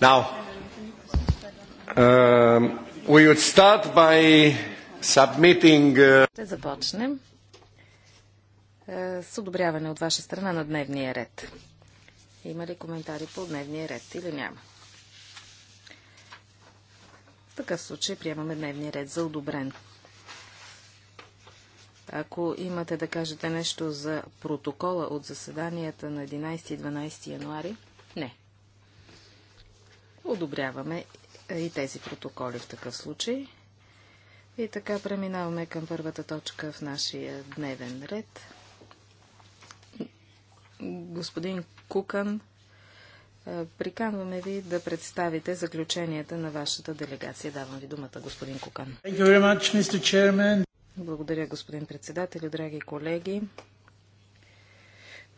Now, um, we would start by submitting... Uh... Ще започнем е, с одобряване от ваша страна на дневния ред. Има ли коментари по дневния ред или няма? В такъв случай приемаме дневния ред за одобрен. Ако имате да кажете нещо за протокола от заседанията на 11 и 12 януари, не, Одобряваме и тези протоколи в такъв случай. И така преминаваме към първата точка в нашия дневен ред. Господин Кукан, приканваме ви да представите заключенията на вашата делегация. Давам ви думата, господин Кукан. Благодаря, господин председател, драги колеги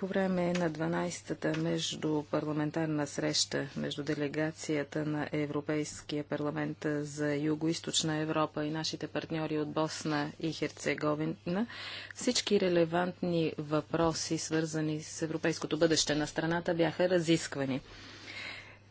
по време на 12-та между парламентарна среща между делегацията на Европейския парламент за Юго-Источна Европа и нашите партньори от Босна и Херцеговина, всички релевантни въпроси, свързани с европейското бъдеще на страната, бяха разисквани.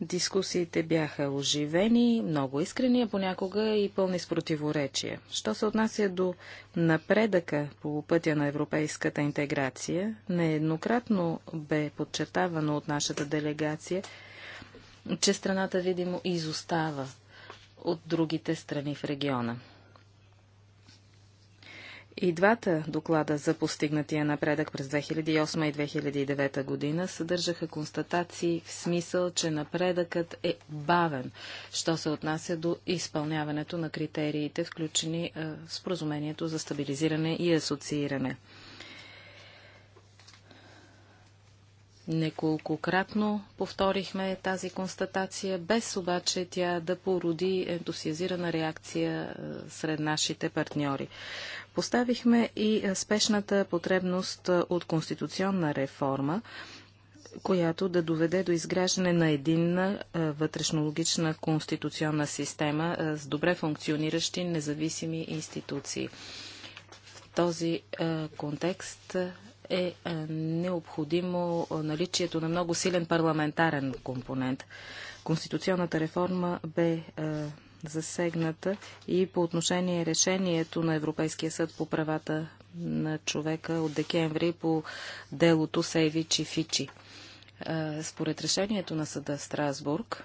Дискусиите бяха оживени, много искрени, а понякога и пълни с противоречия. Що се отнася до напредъка по пътя на европейската интеграция, нееднократно бе подчертавано от нашата делегация, че страната видимо изостава от другите страни в региона. И двата доклада за постигнатия напредък през 2008 и 2009 година съдържаха констатации в смисъл, че напредъкът е бавен, що се отнася до изпълняването на критериите, включени е, в споразумението за стабилизиране и асоцииране. Неколкократно повторихме тази констатация, без обаче тя да породи ентусиазирана реакция е, сред нашите партньори. Поставихме и е, спешната потребност е, от конституционна реформа, която да доведе до изграждане на единна е, вътрешнологична конституционна система с добре функциониращи независими институции. В този контекст е необходимо наличието на много силен парламентарен компонент. Конституционната реформа бе засегната и по отношение решението на Европейския съд по правата на човека от декември по делото Сейвич и Фичи. Според решението на съда Страсбург,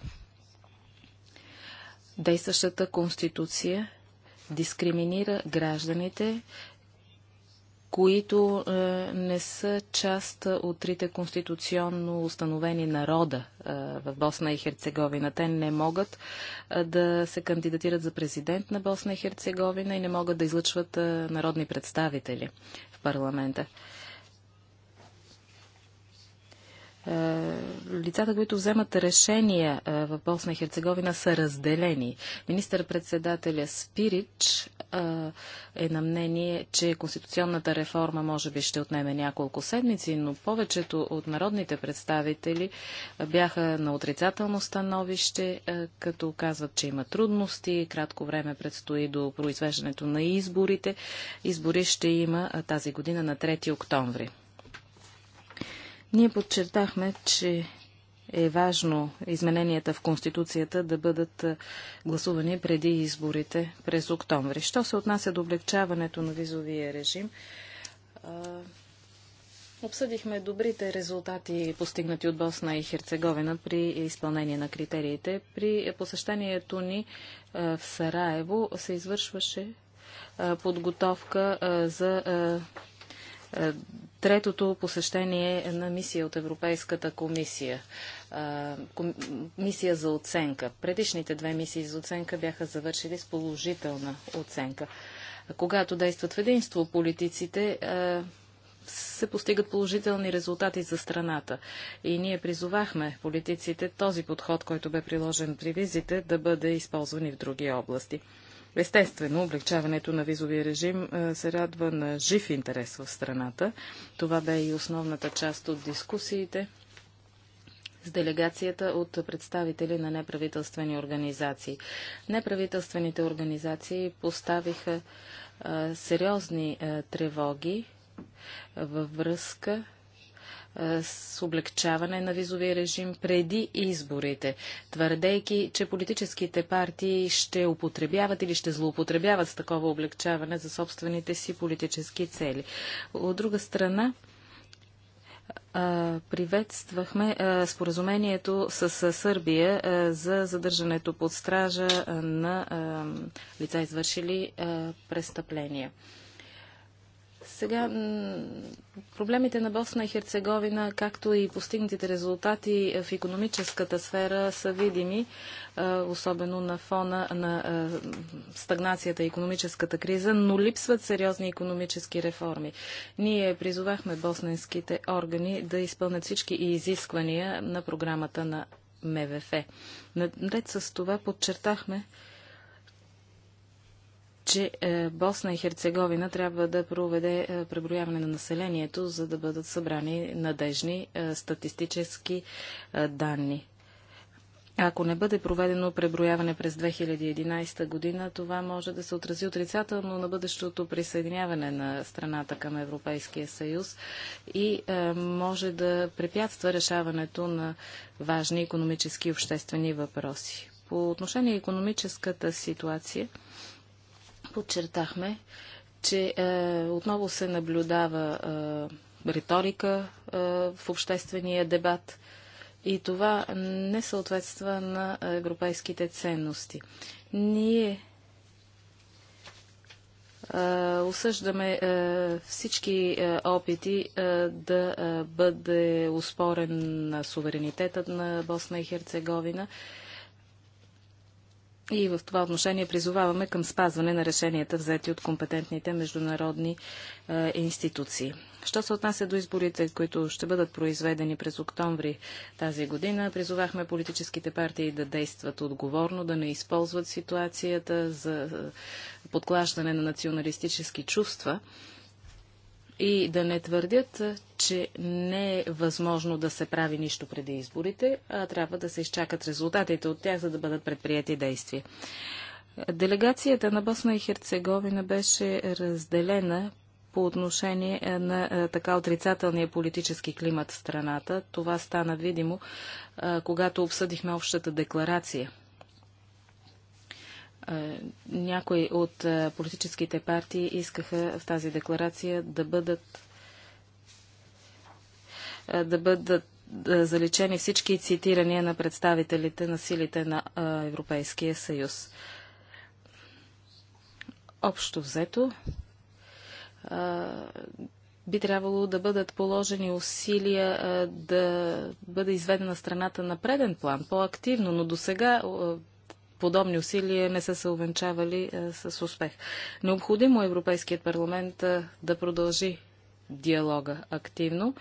действащата конституция дискриминира гражданите които е, не са част от трите конституционно установени народа е, в Босна и Херцеговина. Те не могат е, да се кандидатират за президент на Босна и Херцеговина и не могат да излъчват е, народни представители в парламента. Е, лицата, които вземат решения е, в Босна и Херцеговина са разделени. Министър-председателя Спирич е, е на мнение, че конституционната реформа може би ще отнеме няколко седмици, но повечето от народните представители бяха на отрицателно становище, като казват, че има трудности, кратко време предстои до произвеждането на изборите. Избори ще има тази година на 3 октомври. Ние подчертахме, че е важно измененията в Конституцията да бъдат гласувани преди изборите през октомври. Що се отнася до облегчаването на визовия режим, Обсъдихме добрите резултати, постигнати от Босна и Херцеговина при изпълнение на критериите. При посещението ни в Сараево се извършваше подготовка за е, третото посещение е на мисия от Европейската комисия. Е, мисия за оценка. Предишните две мисии за оценка бяха завършили с положителна оценка. Когато действат в единство политиците, се постигат положителни резултати за страната. И ние призовахме политиците този подход, който бе приложен при визите, да бъде използван и в други области. Естествено, облегчаването на визовия режим се радва на жив интерес в страната. Това бе и основната част от дискусиите с делегацията от представители на неправителствени организации. Неправителствените организации поставиха сериозни тревоги във връзка с облегчаване на визовия режим преди изборите, твърдейки, че политическите партии ще употребяват или ще злоупотребяват с такова облегчаване за собствените си политически цели. От друга страна, приветствахме споразумението с Сърбия за задържането под стража на лица, извършили престъпления. Сега проблемите на Босна и Херцеговина, както и постигнатите резултати е, в економическата сфера са видими, е, особено на фона на е, стагнацията и економическата криза, но липсват сериозни економически реформи. Ние призовахме босненските органи да изпълнят всички изисквания на програмата на МВФ. Наред с това подчертахме, че е, Босна и Херцеговина трябва да проведе е, преброяване на населението, за да бъдат събрани надежни е, статистически данни. Ако не бъде проведено преброяване през 2011 година, това може да се отрази отрицателно на бъдещото присъединяване на страната към Европейския съюз и може да препятства решаването на важни економически и обществени въпроси. По отношение на економическата ситуация, подчертахме, че е, отново се наблюдава е, риторика е, в обществения дебат и това не съответства на европейските ценности. Ние е, осъждаме е, всички е, опити да бъде успорен на суверенитетът на Босна и Херцеговина и в това отношение призоваваме към спазване на решенията, взети от компетентните международни е, институции. Що се отнася до изборите, които ще бъдат произведени през октомври тази година, призовахме политическите партии да действат отговорно, да не използват ситуацията за е, подклаждане на националистически чувства и да не твърдят, че не е възможно да се прави нищо преди изборите, а трябва да се изчакат резултатите от тях, за да бъдат предприяти действия. Делегацията на Босна и Херцеговина беше разделена по отношение на така отрицателния политически климат в страната. Това стана видимо, когато обсъдихме общата декларация някои от политическите партии искаха в тази декларация да бъдат е, да бъдат е, заличени всички цитирания на представителите на силите на е, Европейския съюз. Общо взето, би трябвало да бъдат положени усилия да бъде изведена страната на преден план, по-активно, но до сега подобни усилия не са се увенчавали с успех. Необходимо Европейският парламент да продължи диалога активно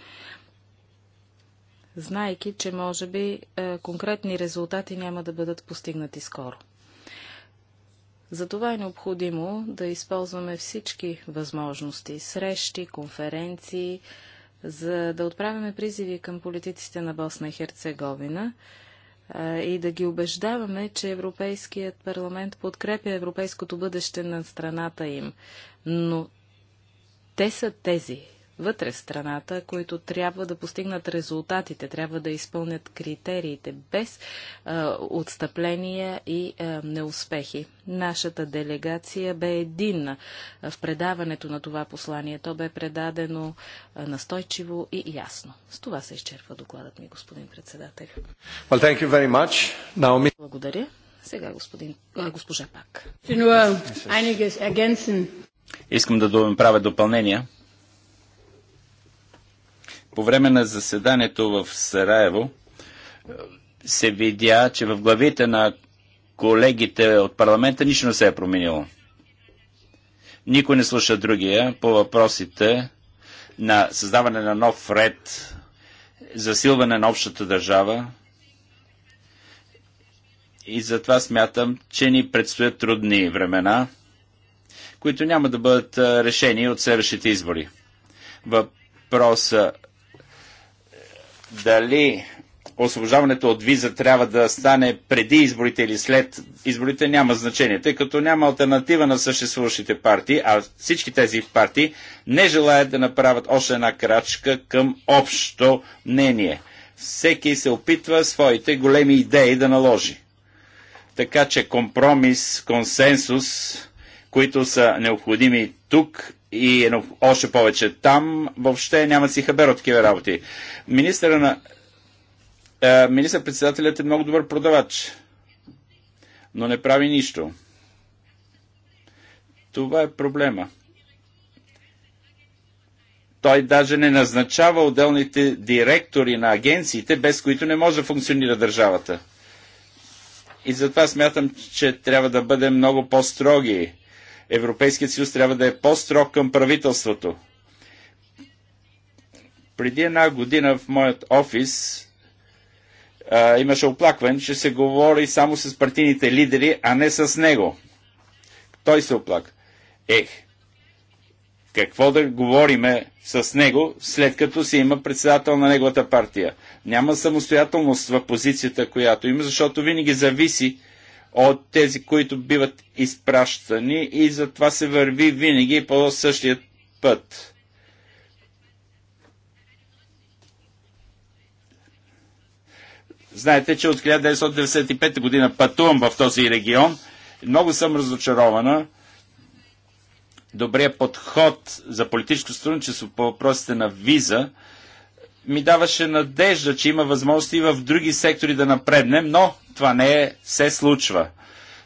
знайки, че може би е, конкретни резултати няма да бъдат постигнати скоро. Затова е необходимо да използваме всички възможности, срещи, конференции, за да отправяме призиви към политиците на Босна и Херцеговина е, и да ги убеждаваме, че Европейският парламент подкрепя европейското бъдеще на страната им. Но те са тези, вътре в страната, които трябва да постигнат резултатите, трябва да изпълнят критериите без а, отстъпления и а, неуспехи. Нашата делегация бе единна в предаването на това послание. То бе предадено а, настойчиво и ясно. С това се изчерпва докладът ми, господин председател. Well, thank you very much. Now... Благодаря. Сега господин, а, госпожа Пак. Искам да правя допълнения. По време на заседанието в Сараево е, се видя, че в главите на колегите от парламента нищо не се е променило. Никой не слуша другия по въпросите на създаване на нов ред, засилване на общата държава. И затова смятам, че ни предстоят трудни времена, които няма да бъдат е, решени от следващите избори. Въпроса дали освобождаването от виза трябва да стане преди изборите или след изборите, няма значение, тъй като няма альтернатива на съществуващите партии, а всички тези партии не желаят да направят още една крачка към общо мнение. Всеки се опитва своите големи идеи да наложи. Така че компромис, консенсус които са необходими тук и едно, още повече там, въобще няма си хабер от такива работи. Министъра на... Е, министър-председателят е много добър продавач, но не прави нищо. Това е проблема. Той даже не назначава отделните директори на агенциите, без които не може да функционира държавата. И затова смятам, че трябва да бъдем много по-строги Европейският съюз трябва да е по-строг към правителството. Преди една година в моят офис а, имаше оплакване, че се говори само с партийните лидери, а не с него. Той се оплака. Ех, какво да говориме с него, след като си има председател на неговата партия? Няма самостоятелност в позицията, която има, защото винаги зависи от тези, които биват изпращани и затова се върви винаги по същия път. Знаете, че от 1995 година пътувам в този регион. Много съм разочарована. Добрият подход за политическо сътрудничество по въпросите на виза – ми даваше надежда, че има възможности и в други сектори да напреднем, но това не е, се случва.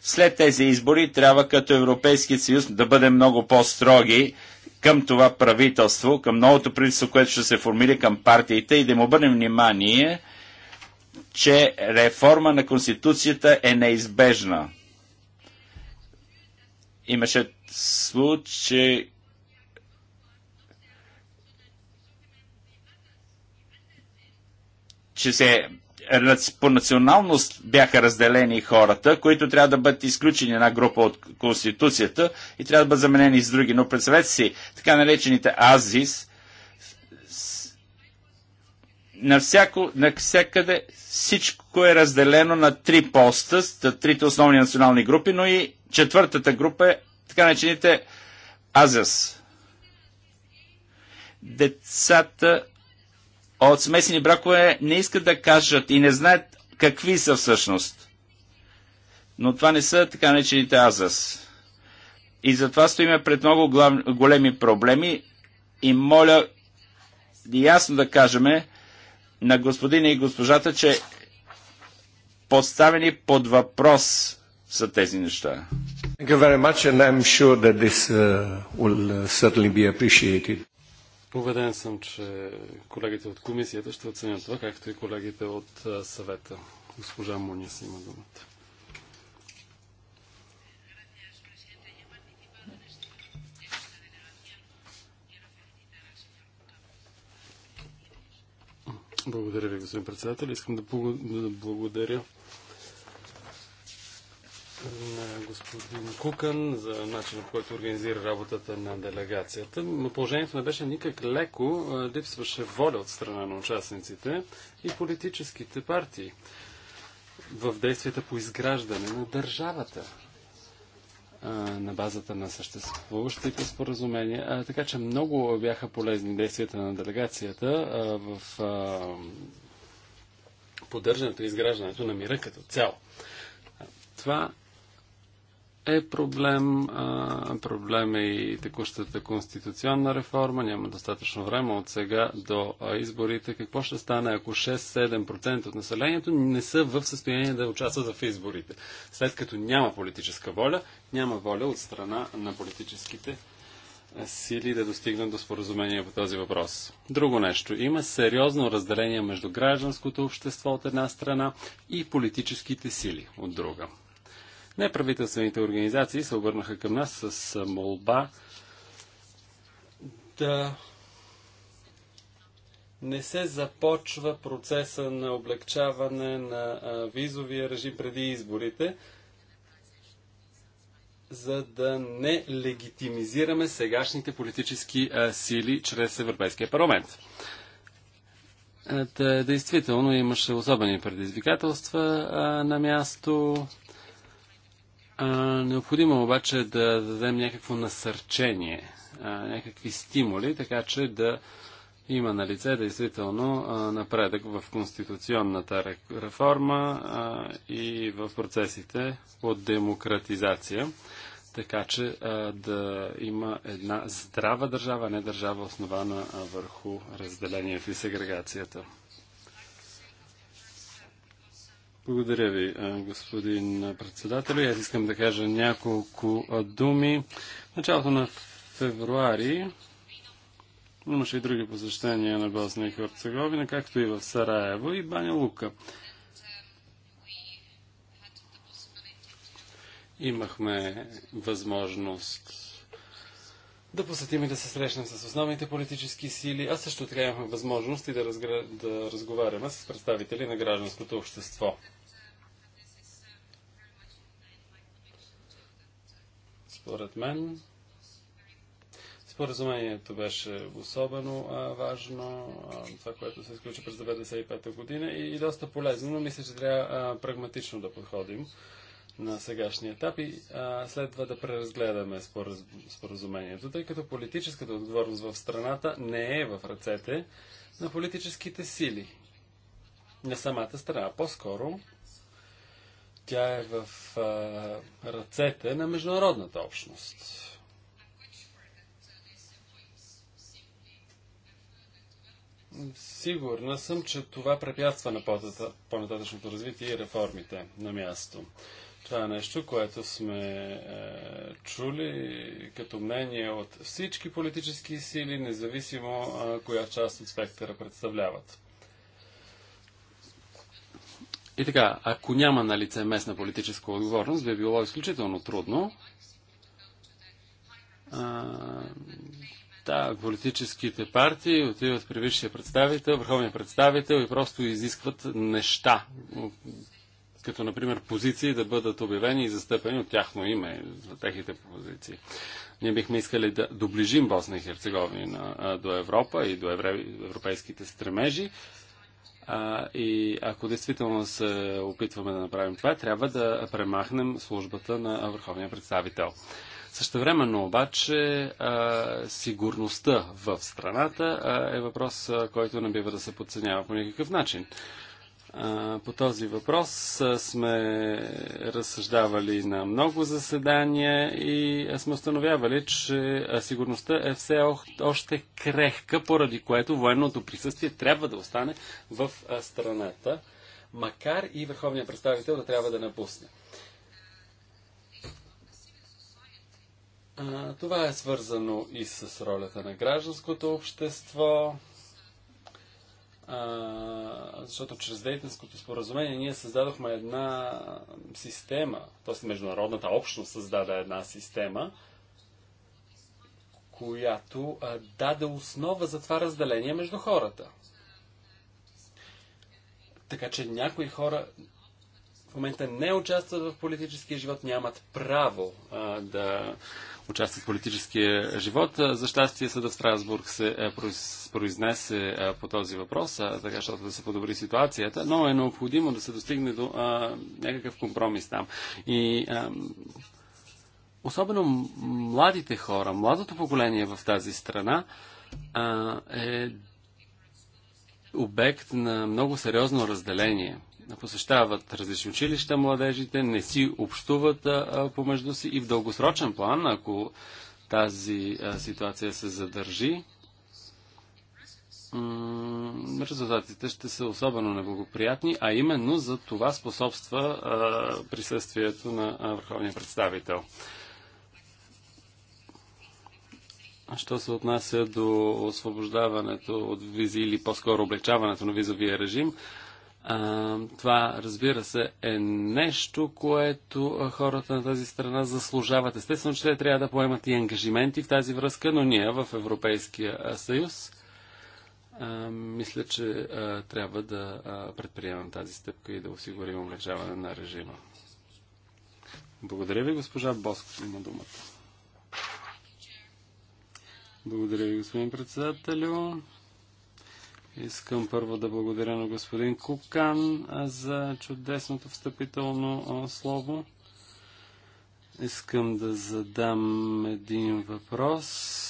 След тези избори трябва като Европейски съюз да бъдем много по-строги към това правителство, към новото правителство, което ще се формира към партиите и да му обърнем внимание, че реформа на Конституцията е неизбежна. Имаше случай, че се по националност бяха разделени хората, които трябва да бъдат изключени една група от Конституцията и трябва да бъдат заменени с други. Но представете си, така наречените АЗИС, на навсякъде всичко е разделено на три поста, трите основни национални групи, но и четвъртата група е така наречените азис. Децата от смесени бракове не искат да кажат и не знаят какви са всъщност. Но това не са така наречените АЗАС. И затова стоиме пред много глав... големи проблеми и моля ясно да кажем на господина и госпожата, че поставени под въпрос са тези неща. Sure Убеден съм, че колегите от комисията ще оценят това, както и колегите от съвета. Госпожа си има думата. Благодаря ви, господин председател. Искам да благодаря на господин Кукън за начинът по който организира работата на делегацията. но Положението не беше никак леко, липсваше воля от страна на участниците и политическите партии в действията по изграждане на държавата на базата на съществуващите споразумения. така че много бяха полезни действията на делегацията в поддържането и изграждането на мира като цяло. Това е проблем. А, проблем е и текущата конституционна реформа. Няма достатъчно време от сега до изборите. Какво ще стане, ако 6-7% от населението не са в състояние да участват в изборите? След като няма политическа воля, няма воля от страна на политическите сили да достигнат до споразумение по този въпрос. Друго нещо. Има сериозно разделение между гражданското общество от една страна и политическите сили от друга. Неправителствените организации се обърнаха към нас с молба да не се започва процеса на облегчаване на визовия режим преди изборите, за да не легитимизираме сегашните политически сили чрез Европейския парламент. Е, действително имаше особени предизвикателства на място. А, необходимо е обаче да дадем някакво насърчение, а, някакви стимули, така че да има на лице действително а, напредък в конституционната реформа а, и в процесите от демократизация, така че а, да има една здрава държава, не държава основана върху разделението и сегрегацията. Благодаря ви, господин председател. Аз искам да кажа няколко думи. В началото на февруари имаше и други посещения на Босна и Херцеговина, както и в Сараево и Баня Лука. Имахме възможност да посетим и да се срещнем с основните политически сили, а също така имахме възможност и да, разгра... да разговаряме с представители на гражданското общество. Според мен, споразумението беше особено а, важно, а, това, което се изключи през 1995 година и, и доста полезно, но мисля, че трябва а, прагматично да подходим на сегашния етап и а, следва да преразгледаме спораз... споразумението, тъй като политическата отговорност в страната не е в ръцете на политическите сили, на самата страна, по-скоро тя е в а, ръцете на международната общност. Сигурна съм, че това препятства на по-нататъчното развитие и реформите на място. Това е нещо, което сме е, чули като мнение от всички политически сили, независимо е, коя част от спектъра представляват. И така, ако няма на лице местна политическа отговорност, би било изключително трудно а, да, политическите партии отиват при висшия представител, върховния представител и просто изискват неща, като например позиции да бъдат обявени и застъпени от тяхно име, за техните позиции. Ние бихме искали да доближим Босна и Херцеговина до Европа и до европейските стремежи, а, и ако действително се опитваме да направим това, трябва да премахнем службата на върховния представител. Същевременно обаче а, сигурността в страната а, е въпрос, а, който не бива да се подценява по никакъв начин. По този въпрос сме разсъждавали на много заседания и сме установявали, че сигурността е все още крехка, поради което военното присъствие трябва да остане в страната, макар и върховният представител да трябва да напусне. Това е свързано и с ролята на гражданското общество, защото чрез Дейтинското споразумение ние създадохме една система, т.е. международната общност създаде една система, която а, даде основа за това разделение между хората. Така че някои хора в момента не участват в политическия живот, нямат право а, да участват в политическия живот. За щастие съда в Страсбург се е, произнесе е, по този въпрос, така защото да се подобри ситуацията, но е необходимо да се достигне до а, някакъв компромис там. И а, особено младите хора, младото поколение в тази страна а, е обект на много сериозно разделение – посещават различни училища младежите, не си общуват а, помежду си и в дългосрочен план, ако тази а, ситуация се задържи, резултатите ще са особено неблагоприятни, а именно за това способства а, присъствието на а, върховния представител. Що се отнася до освобождаването от визи или по-скоро облегчаването на визовия режим, а, това, разбира се, е нещо, което хората на тази страна заслужават. Естествено, че те трябва да поемат и ангажименти в тази връзка, но ние в Европейския съюз а, мисля, че а, трябва да предприемам тази стъпка и да осигурим облегчаване на режима. Благодаря ви, госпожа Боск, има думата. Благодаря ви, господин председателю. Искам първо да благодаря на господин Кукан за чудесното встъпително слово. Искам да задам един въпрос.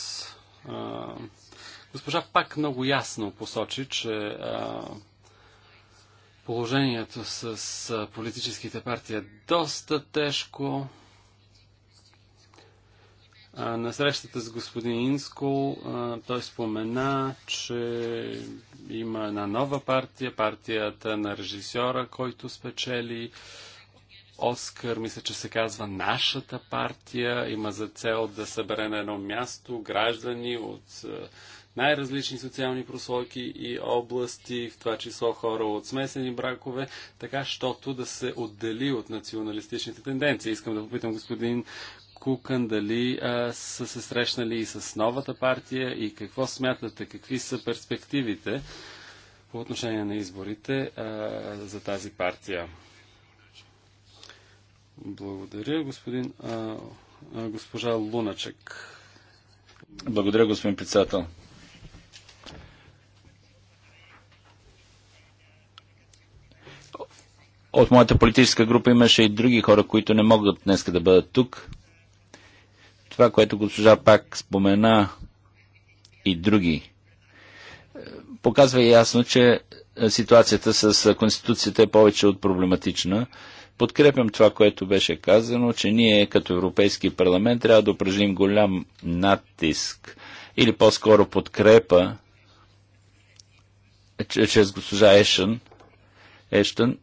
госпожа пак много ясно посочи, че положението с политическите партии е доста тежко. На срещата с господин Инскол той спомена, че има една нова партия, партията на режисьора, който спечели Оскар, мисля, че се казва Нашата партия, има за цел да събере на едно място граждани от най-различни социални прослойки и области, в това число хора от смесени бракове, така щото да се отдели от националистичните тенденции. Искам да попитам господин Кукан, дали а, са се срещнали и с новата партия и какво смятате, какви са перспективите по отношение на изборите а, за тази партия. Благодаря, господин, а, а, госпожа Луначек. Благодаря, господин председател. От моята политическа група имаше и други хора, които не могат днес да бъдат тук това, което госпожа пак спомена и други, показва ясно, че ситуацията с Конституцията е повече от проблематична. Подкрепям това, което беше казано, че ние като Европейски парламент трябва да упражним голям натиск или по-скоро подкрепа чрез госпожа Ешън, Ештън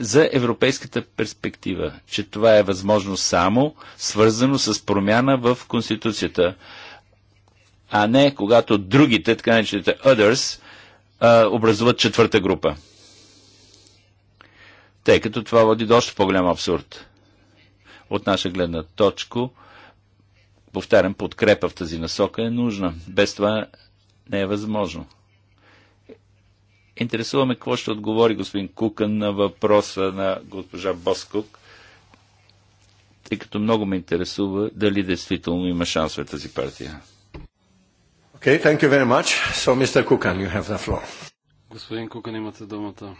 за европейската перспектива, че това е възможно само свързано с промяна в Конституцията, а не когато другите, така наречените others, образуват четвърта група. Тъй като това води до още по-голям абсурд. От наша гледна точка, повтарям, подкрепа в тази насока е нужна. Без това не е възможно интересуваме какво ще отговори господин Кукън на въпроса на госпожа Боскок, тъй като много ме интересува дали действително има шансове тази партия. Okay, thank you very much. So, Mr. Kukan, you have the floor. Господин Кукан, имате думата.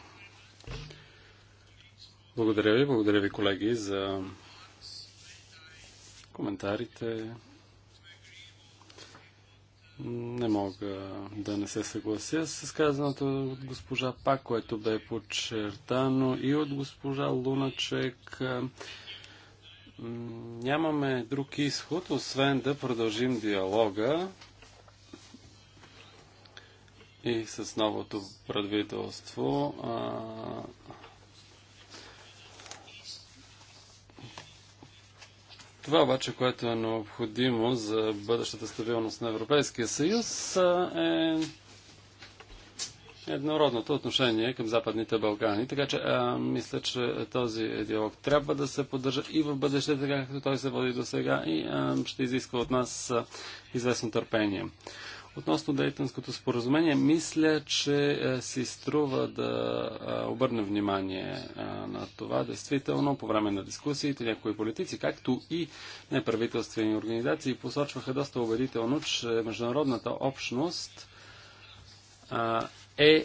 Благодаря ви, благодаря ви, колеги, за коментарите, не мога да не се съглася с казаното от госпожа Пак, което бе подчертано и от госпожа Луначек. Нямаме друг изход, освен да продължим диалога и с новото правителство. А Това обаче, което е необходимо за бъдещата стабилност на Европейския съюз е еднородното отношение към Западните Балкани. Така че а, мисля, че този диалог трябва да се поддържа и в бъдеще, така както той се води до сега и а, ще изисква от нас а, известно търпение. Относно Дейтонското споразумение, мисля, че е, си струва да е, обърнем внимание е, на това. Действително, по време на дискусиите някои политици, както и неправителствени организации, посочваха доста убедително, че международната общност е,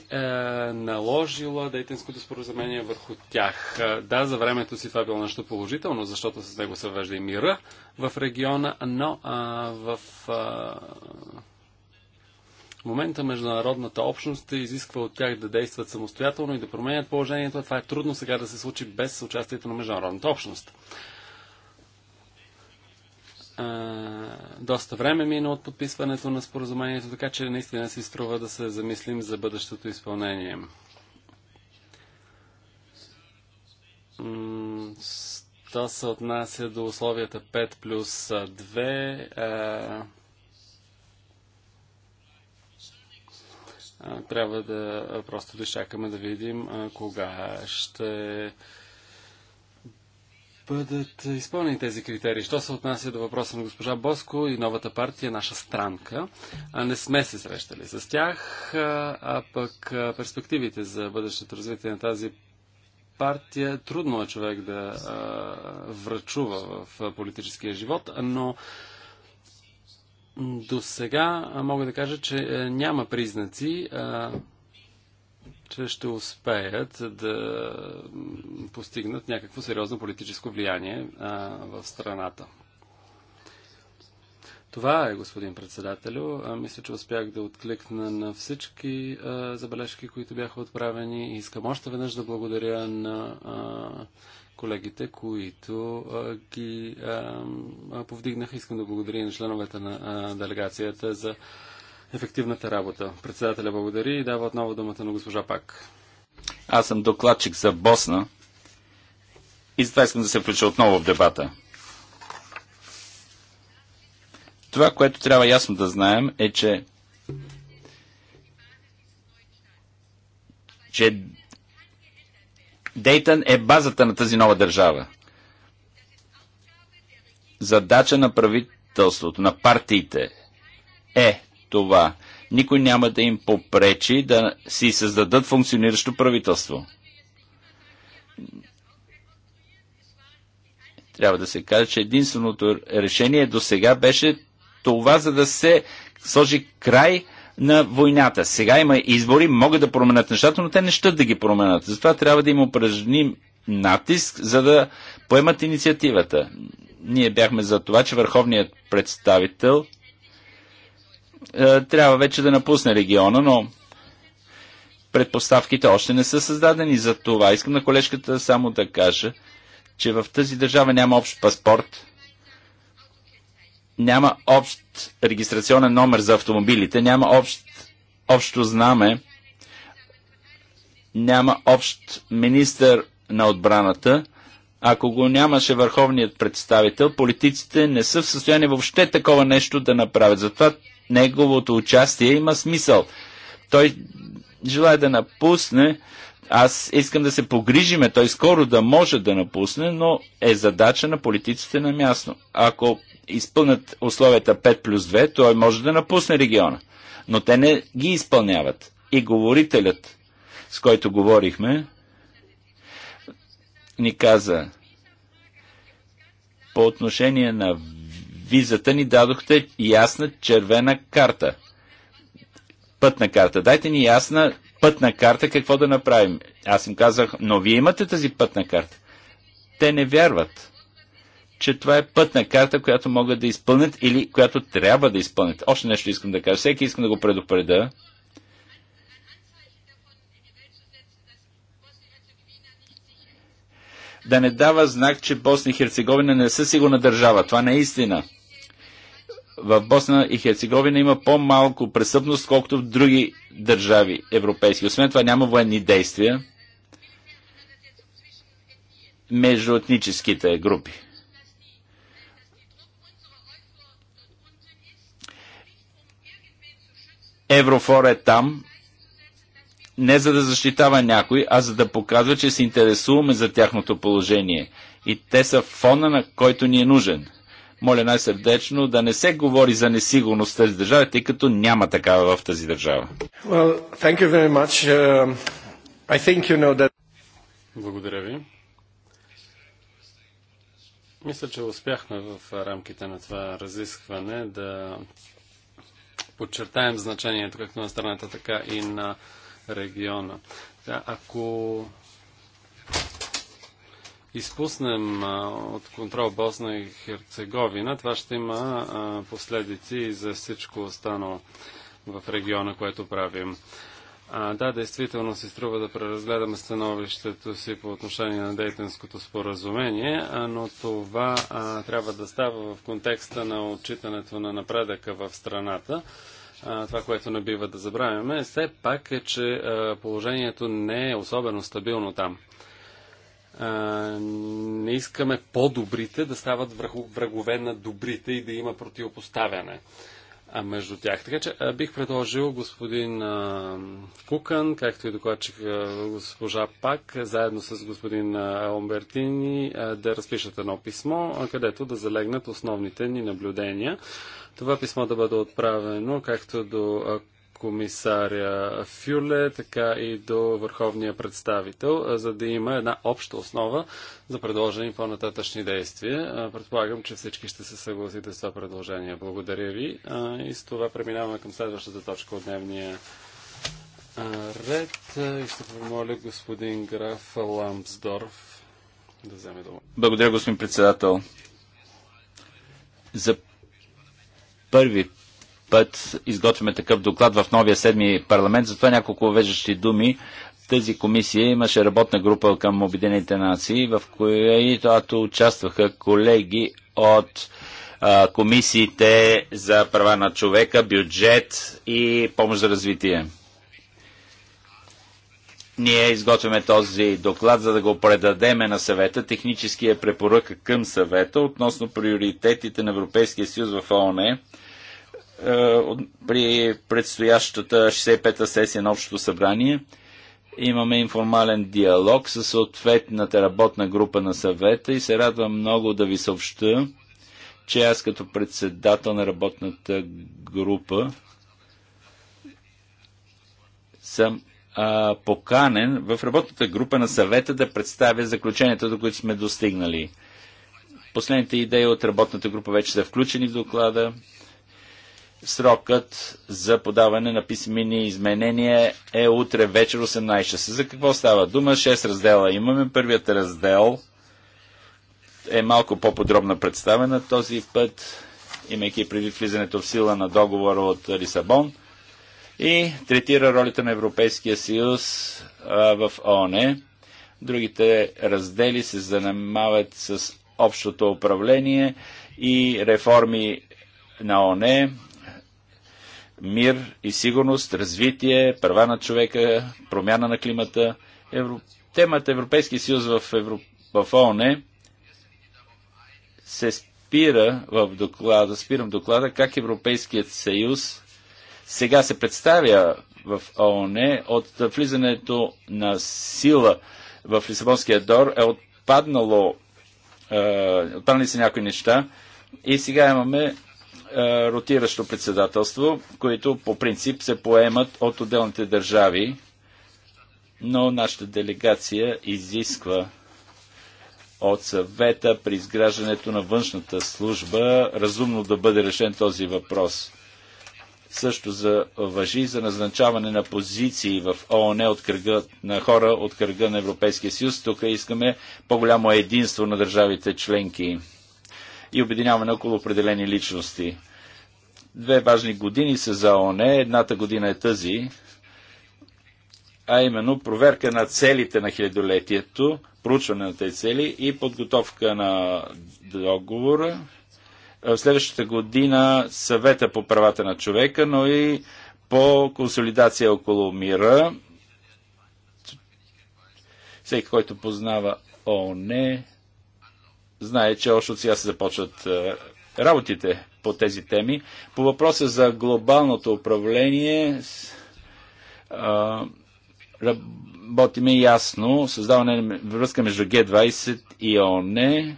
наложила дейтенското споразумение върху тях. Да, за времето си това е било нещо положително, защото с него се въвежда и мира в региона, но в в момента международната общност изисква от тях да действат самостоятелно и да променят положението. Това е трудно сега да се случи без участието на международната общност. доста време мина от подписването на споразумението, така че наистина си струва да се замислим за бъдещото изпълнение. Що се отнася до условията 5 плюс 2, трябва да просто да чакаме да видим кога ще бъдат изпълнени тези критерии. Що се отнася до въпроса на госпожа Боско и новата партия, наша странка, не сме се срещали с тях, а пък перспективите за бъдещето развитие на тази партия трудно е човек да връчува в политическия живот, но до сега мога да кажа, че е, няма признаци, че ще успеят да постигнат някакво сериозно политическо влияние в страната. Това е, господин председателю. мисля, че успях да откликна на всички забележки, които бяха отправени. Искам още веднъж да благодаря на колегите, които а, ги а, повдигнаха. Искам да благодаря на членовете на а, делегацията за ефективната работа. Председателя благодари и дава отново думата на госпожа Пак. Аз съм докладчик за Босна и затова искам да се включа отново в дебата. Това, което трябва ясно да знаем е, че че Дейтън е базата на тази нова държава. Задача на правителството, на партиите е това. Никой няма да им попречи да си създадат функциониращо правителство. Трябва да се каже, че единственото решение до сега беше това, за да се сложи край на войната. Сега има избори, могат да променят нещата, но те не щат да ги променят. Затова трябва да им упражним натиск, за да поемат инициативата. Ние бяхме за това, че върховният представител е, трябва вече да напусне региона, но предпоставките още не са създадени за това. Искам на колежката само да кажа, че в тази държава няма общ паспорт, няма общ регистрационен номер за автомобилите, няма общ, общо знаме, няма общ министър на отбраната. Ако го нямаше върховният представител, политиците не са в състояние въобще такова нещо да направят. Затова неговото участие има смисъл. Той желая да напусне. Аз искам да се погрижиме той скоро да може да напусне, но е задача на политиците на място. Ако изпълнят условията 5 плюс 2, той може да напусне региона. Но те не ги изпълняват. И говорителят, с който говорихме, ни каза, по отношение на визата ни дадохте ясна червена карта. Пътна карта. Дайте ни ясна пътна карта какво да направим. Аз им казах, но вие имате тази пътна карта. Те не вярват че това е пътна карта, която могат да изпълнят или която трябва да изпълнят. Още нещо искам да кажа. Всеки искам да го предупреда. Да не дава знак, че Босна и Херцеговина не са сигурна държава. Това не е истина. В Босна и Херцеговина има по-малко престъпност, колкото в други държави европейски. Освен това няма военни действия между етническите групи. Еврофор е там не за да защитава някой, а за да показва, че се интересуваме за тяхното положение. И те са фона, на който ни е нужен. Моля най-сърдечно да не се говори за несигурност в тази държава, тъй като няма такава в тази държава. Well, thank you very much. Uh, I think you know that... Благодаря ви. Мисля, че успяхме в рамките на това разискване да подчертаем значението както на страната, така и на региона. Да, ако изпуснем а, от контрол Босна и Херцеговина, това ще има а, последици и за всичко останало в региона, което правим. А, да, действително си струва да преразгледаме становището си по отношение на Дейтенското споразумение, а, но това а, трябва да става в контекста на отчитането на напредъка в страната. А, това, което не бива да забравяме, все пак е, че а, положението не е особено стабилно там. А, не искаме по-добрите да стават врагове на добрите и да има противопоставяне между тях. Така че а, бих предложил господин а, Кукан, както и докладчик а, госпожа Пак, заедно с господин Омбертини, да разпишат едно писмо, където да залегнат основните ни наблюдения. Това писмо да бъде отправено както до комисаря Фюле, така и до върховния представител, за да има една обща основа за предложени по-нататъчни действия. Предполагам, че всички ще се съгласите с това предложение. Благодаря ви. И с това преминаваме към следващата точка от дневния ред. И ще помоля господин граф Ламсдорф да вземе дума. Благодаря, господин председател. За първи път изготвяме такъв доклад в новия седми парламент. Затова няколко веждащи думи. Тази комисия имаше работна група към Обединените нации, в която участваха колеги от а, комисиите за права на човека, бюджет и помощ за развитие. Ние изготвяме този доклад, за да го предадеме на съвета. Технически е препоръка към съвета относно приоритетите на Европейския съюз в ООН е, при предстоящата 65-та сесия на Общото събрание. Имаме информален диалог с съответната работна група на съвета и се радвам много да ви съобща, че аз като председател на работната група съм а, поканен в работната група на съвета да представя заключенията, до които сме достигнали. Последните идеи от работната група вече са включени в доклада. Срокът за подаване на писмени изменения е утре вечер 18 часа. За какво става дума? 6 раздела имаме. Първият раздел е малко по-подробно представена този път, имайки предвид влизането в сила на договора от Лисабон и третира ролята на Европейския съюз в ООН. Другите раздели се занимават с общото управление и реформи на ОНЕ, мир и сигурност, развитие, права на човека, промяна на климата. Евро... Темата Европейски съюз в, Евро... в ООН е- се спира в доклада, спирам доклада, как Европейският съюз сега се представя в ООН е от влизането на сила в Лисабонския дор е отпаднало е, отпаднали са някои неща и сега имаме е, ротиращо председателство, които по принцип се поемат от отделните държави, но нашата делегация изисква от съвета при изграждането на външната служба разумно да бъде решен този въпрос. Също за, въжи за назначаване на позиции в ООН от кръга, на хора от кръга на Европейския съюз. Тук искаме по-голямо единство на държавите членки и обединяване около определени личности. Две важни години са за ОНЕ. Едната година е тази, а именно проверка на целите на хилядолетието, проучване на тези цели и подготовка на договора. Е, в следващата година съвета по правата на човека, но и по консолидация около мира. Всеки, който познава ООН, знае, че още от сега се започват е, работите по тези теми. По въпроса за глобалното управление работиме ясно. Създаване на връзка между Г20 и ООН.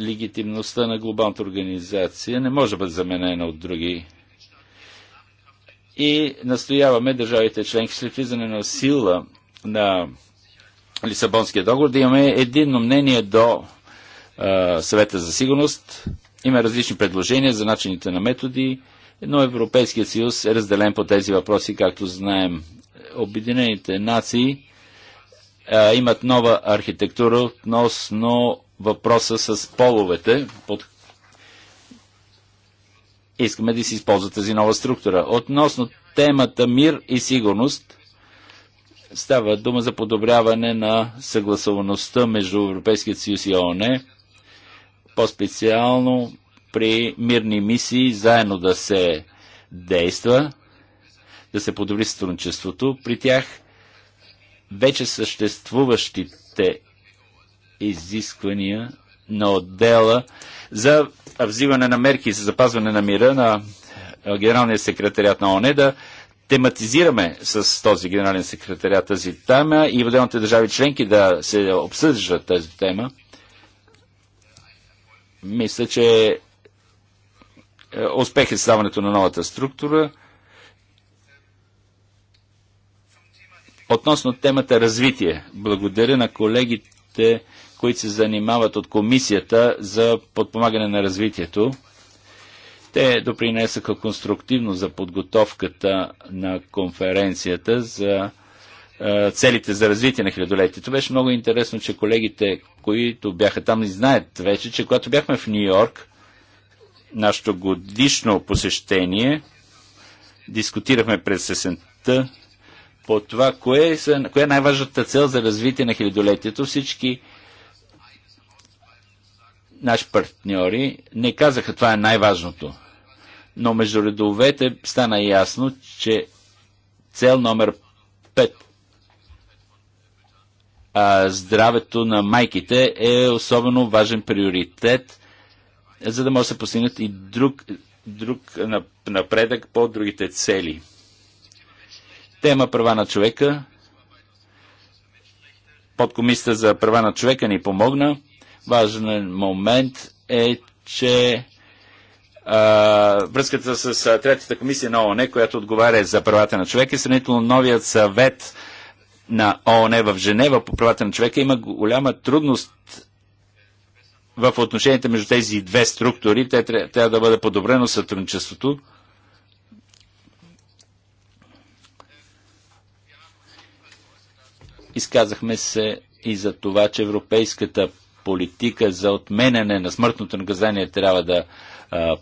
Легитимността на глобалната организация не може да бъде заменена от други. И настояваме държавите членки след влизане на сила на Лисабонския договор, да имаме единно мнение до а, съвета за сигурност. Има различни предложения за начините на методи, но Европейският съюз е разделен по тези въпроси, както знаем. Обединените нации а, имат нова архитектура относно въпроса с половете. Под... Искаме да си използва тази нова структура. Относно темата мир и сигурност – Става дума за подобряване на съгласоваността между Европейския съюз и ООН, по-специално при мирни мисии заедно да се действа, да се подобри сътрудничеството при тях. Вече съществуващите изисквания на отдела за взимане на мерки за запазване на мира на Генералния секретарят на ОНЕ да тематизираме с този генерален секретаря тази тема и в отделните държави членки да се обсъжда тази тема. Мисля, че е, успех е ставането на новата структура. Относно темата развитие, благодаря на колегите, които се занимават от комисията за подпомагане на развитието. Те допринесаха конструктивно за подготовката на конференцията за целите за развитие на хилядолетието. Беше много интересно, че колегите, които бяха там, и знаят вече, че когато бяхме в Нью Йорк, нашето годишно посещение, дискутирахме през сесента по това, кое са коя е най-важната цел за развитие на хилядолетието. Всички наши партньори не казаха това е най-важното но между редовете стана ясно, че цел номер 5 а, здравето на майките е особено важен приоритет, за да може да се постигнат и друг, друг напредък по другите цели. Тема права на човека. Подкомиста за права на човека ни помогна. Важен момент е, че връзката с Третата комисия на ООН, която отговаря за правата на човека и сравнително новият съвет на ООН в Женева по правата на човека има голяма трудност в отношенията между тези две структури. Те трябва да бъде подобрено сътрудничеството. Изказахме се и за това, че европейската политика за отменяне на смъртното наказание трябва да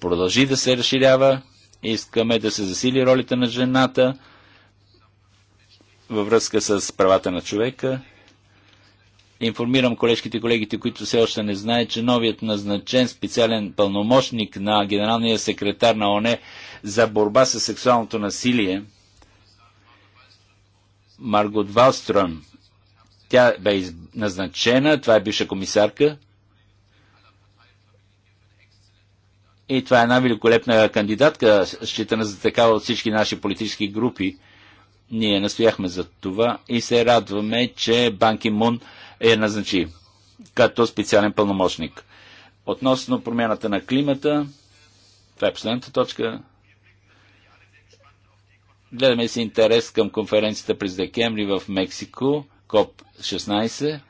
продължи да се разширява. Искаме да се засили ролята на жената във връзка с правата на човека. Информирам колежките и колегите, които все още не знаят, че новият назначен специален пълномощник на генералния секретар на ОНЕ за борба с сексуалното насилие, Маргот Валстрън, тя бе назначена, това е бивша комисарка, И това е една великолепна кандидатка, считана за такава от всички наши политически групи. Ние настояхме за това и се радваме, че Банки Мун е назначи като специален пълномощник. Относно промяната на климата, това е последната точка. Гледаме си интерес към конференцията през декември в Мексико, КОП 16.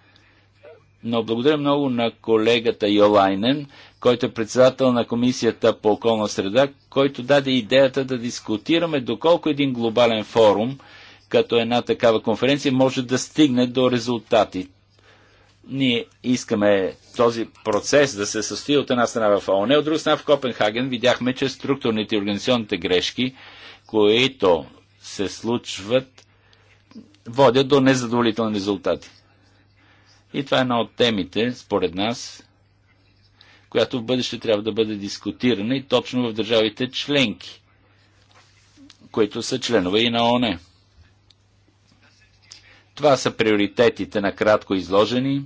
Но благодаря много на колегата Йолайнен, който е председател на Комисията по околна среда, който даде идеята да дискутираме доколко един глобален форум, като една такава конференция, може да стигне до резултати. Ние искаме този процес да се състои от една страна в ООН, от друга страна в Копенхаген. Видяхме, че структурните и организационните грешки, които се случват, водят до незадоволителни резултати. И това е една от темите, според нас, която в бъдеще трябва да бъде дискутирана и точно в държавите членки, които са членове и на ОНЕ. Това са приоритетите на кратко изложени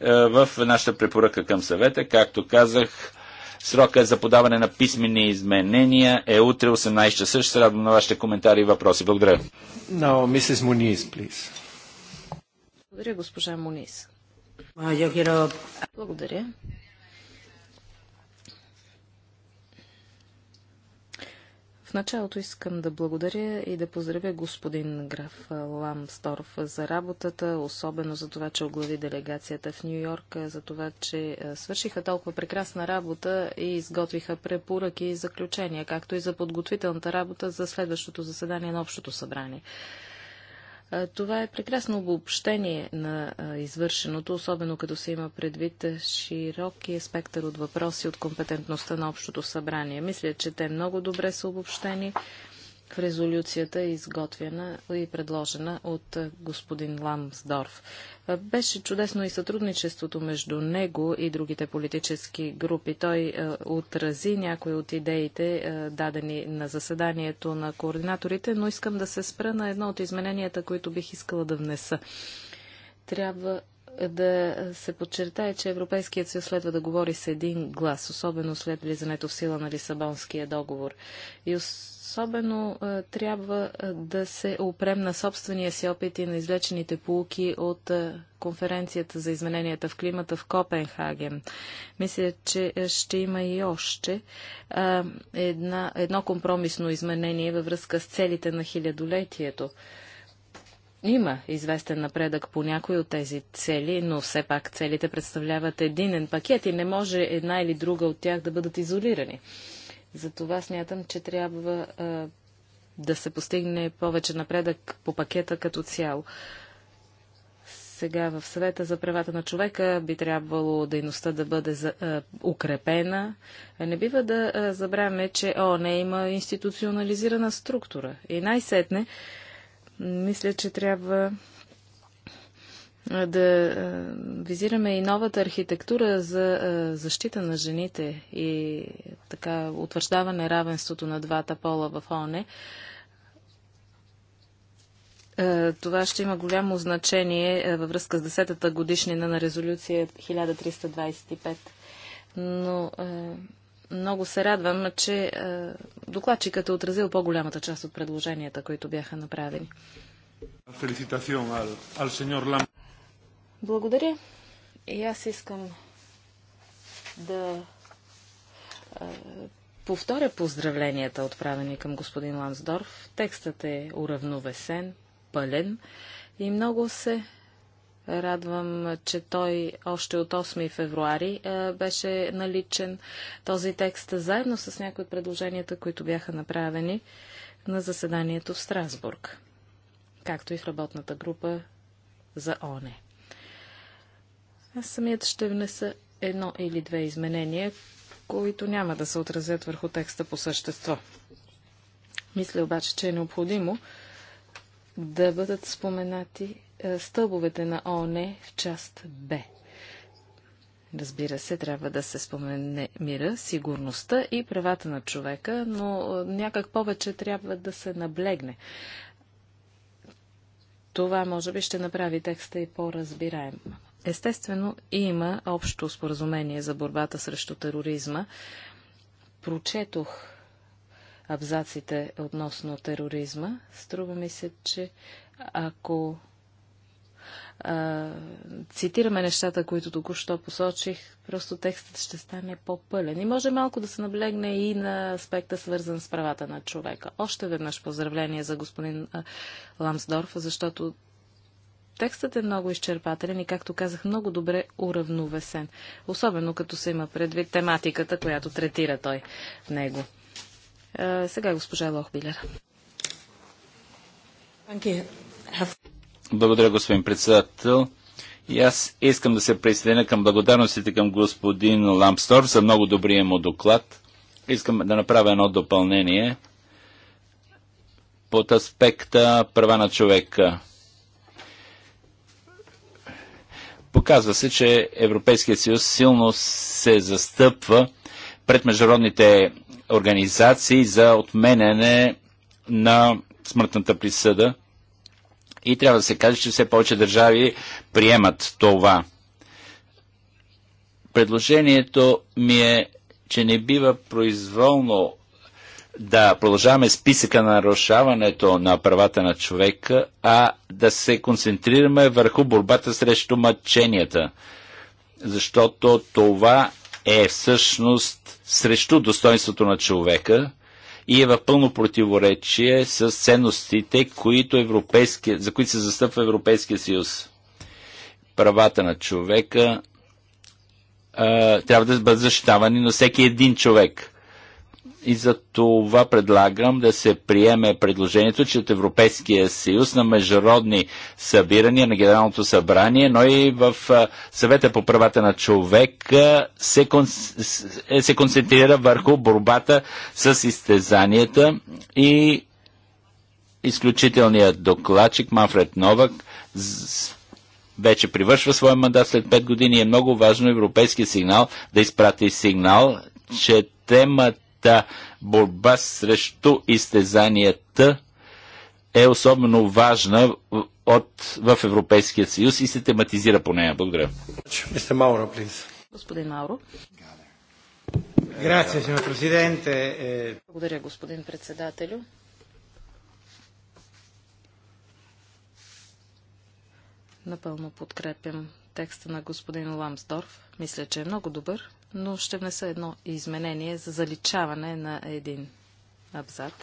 е, в нашата препоръка към съвета. Както казах, срока за подаване на писмени изменения е утре 18 часа. Ще се радвам на вашите коментари и въпроси. Благодаря. Now, Mrs. Muniz, please. Благодаря, госпожа Монис. Благодаря. В началото искам да благодаря и да поздравя господин граф Ламсторф за работата, особено за това, че оглави делегацията в Нью Йорк, за това, че свършиха толкова прекрасна работа и изготвиха препоръки и заключения, както и за подготвителната работа за следващото заседание на Общото събрание. Това е прекрасно обобщение на извършеното, особено като се има предвид широкия спектър от въпроси от компетентността на Общото събрание. Мисля, че те много добре са обобщени в резолюцията, изготвена и предложена от господин Ламсдорф. Беше чудесно и сътрудничеството между него и другите политически групи. Той отрази някои от идеите, дадени на заседанието на координаторите, но искам да се спра на едно от измененията, които бих искала да внеса. Трябва да се подчертае, че Европейският съюз следва да говори с един глас, особено след влизането в сила на Лисабонския договор. И особено е, трябва е, да се опрем на собствения си опит и на излечените полуки от е, конференцията за измененията в климата в Копенхаген. Мисля, че ще има и още една, едно компромисно изменение във връзка с целите на хилядолетието. Има известен напредък по някои от тези цели, но все пак целите представляват единен пакет и не може една или друга от тях да бъдат изолирани. Затова смятам, че трябва а, да се постигне повече напредък по пакета като цяло. Сега в съвета за правата на човека би трябвало дейността да бъде за, а, укрепена. Не бива да забравяме, че ООН е има институционализирана структура. И най-сетне, а, мисля, че трябва да визираме и новата архитектура за защита на жените и така утвърждаване равенството на двата пола в ОНЕ. Това ще има голямо значение във връзка с 10-та годишнина на резолюция 1325. Но много се радвам, че е, докладчикът е отразил по-голямата част от предложенията, които бяха направени. Благодаря. И аз искам да е, повторя поздравленията, отправени към господин Лансдорф. Текстът е уравновесен, пълен и много се Радвам, че той още от 8 февруари беше наличен този текст, заедно с някои от предложенията, които бяха направени на заседанието в Страсбург, както и в работната група за ОНЕ. Аз самият ще внеса едно или две изменения, които няма да се отразят върху текста по същество. Мисля обаче, че е необходимо да бъдат споменати е, стълбовете на ООН в част Б. Разбира се, трябва да се спомене мира, сигурността и правата на човека, но е, някак повече трябва да се наблегне. Това може би ще направи текста и по-разбираем. Естествено, има общо споразумение за борбата срещу тероризма. Прочетох абзаците относно тероризма, струва ми се, че ако а, цитираме нещата, които току-що посочих, просто текстът ще стане по-пълен. И може малко да се наблегне и на аспекта, свързан с правата на човека. Още веднъж поздравление за господин а, Ламсдорф, защото Текстът е много изчерпателен и, както казах, много добре уравновесен, особено като се има предвид тематиката, която третира той в него. Сега е госпожа Лохбилер. Благодаря, господин председател. И аз искам да се присъединя към благодарностите към господин Ламстор за много добрия му доклад. Искам да направя едно допълнение под аспекта права на човека. Показва се, че Европейския съюз силно се застъпва пред международните организации за отменяне на смъртната присъда. И трябва да се каже, че все повече държави приемат това. Предложението ми е, че не бива произволно да продължаваме списъка на нарушаването на правата на човека, а да се концентрираме върху борбата срещу мъченията. Защото това е всъщност срещу достоинството на човека и е в пълно противоречие с ценностите, които за които се застъпва Европейския съюз. Правата на човека а, трябва да бъдат защитавани на всеки един човек. И за това предлагам да се приеме предложението, че от Европейския съюз на международни събирания на Генералното събрание, но и в съвета по правата на човека се, кон... Е, се концентрира върху борбата с изтезанията и изключителният докладчик Манфред Новак вече привършва своя мандат след 5 години и е много важно европейския сигнал да изпрати сигнал, че темата та борба срещу изтезанията е особено важна от, в Европейския съюз и се тематизира по нея. Благодаря. Мауро, Господин Мауро. Е, Благодаря, господин председателю. Напълно подкрепям текста на господин Ламсдорф. Мисля, че е много добър но ще внеса едно изменение за заличаване на един абзац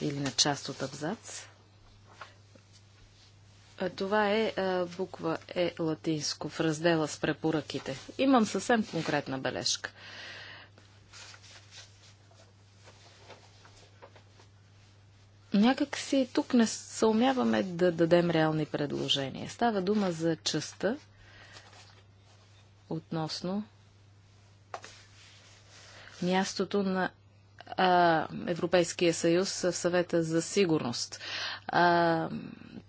или на част от абзац. Това е буква Е латинско в раздела с препоръките. Имам съвсем конкретна бележка. Някак си тук не съумяваме да дадем реални предложения. Става дума за частта относно мястото на а, Европейския съюз в съвета за сигурност. А,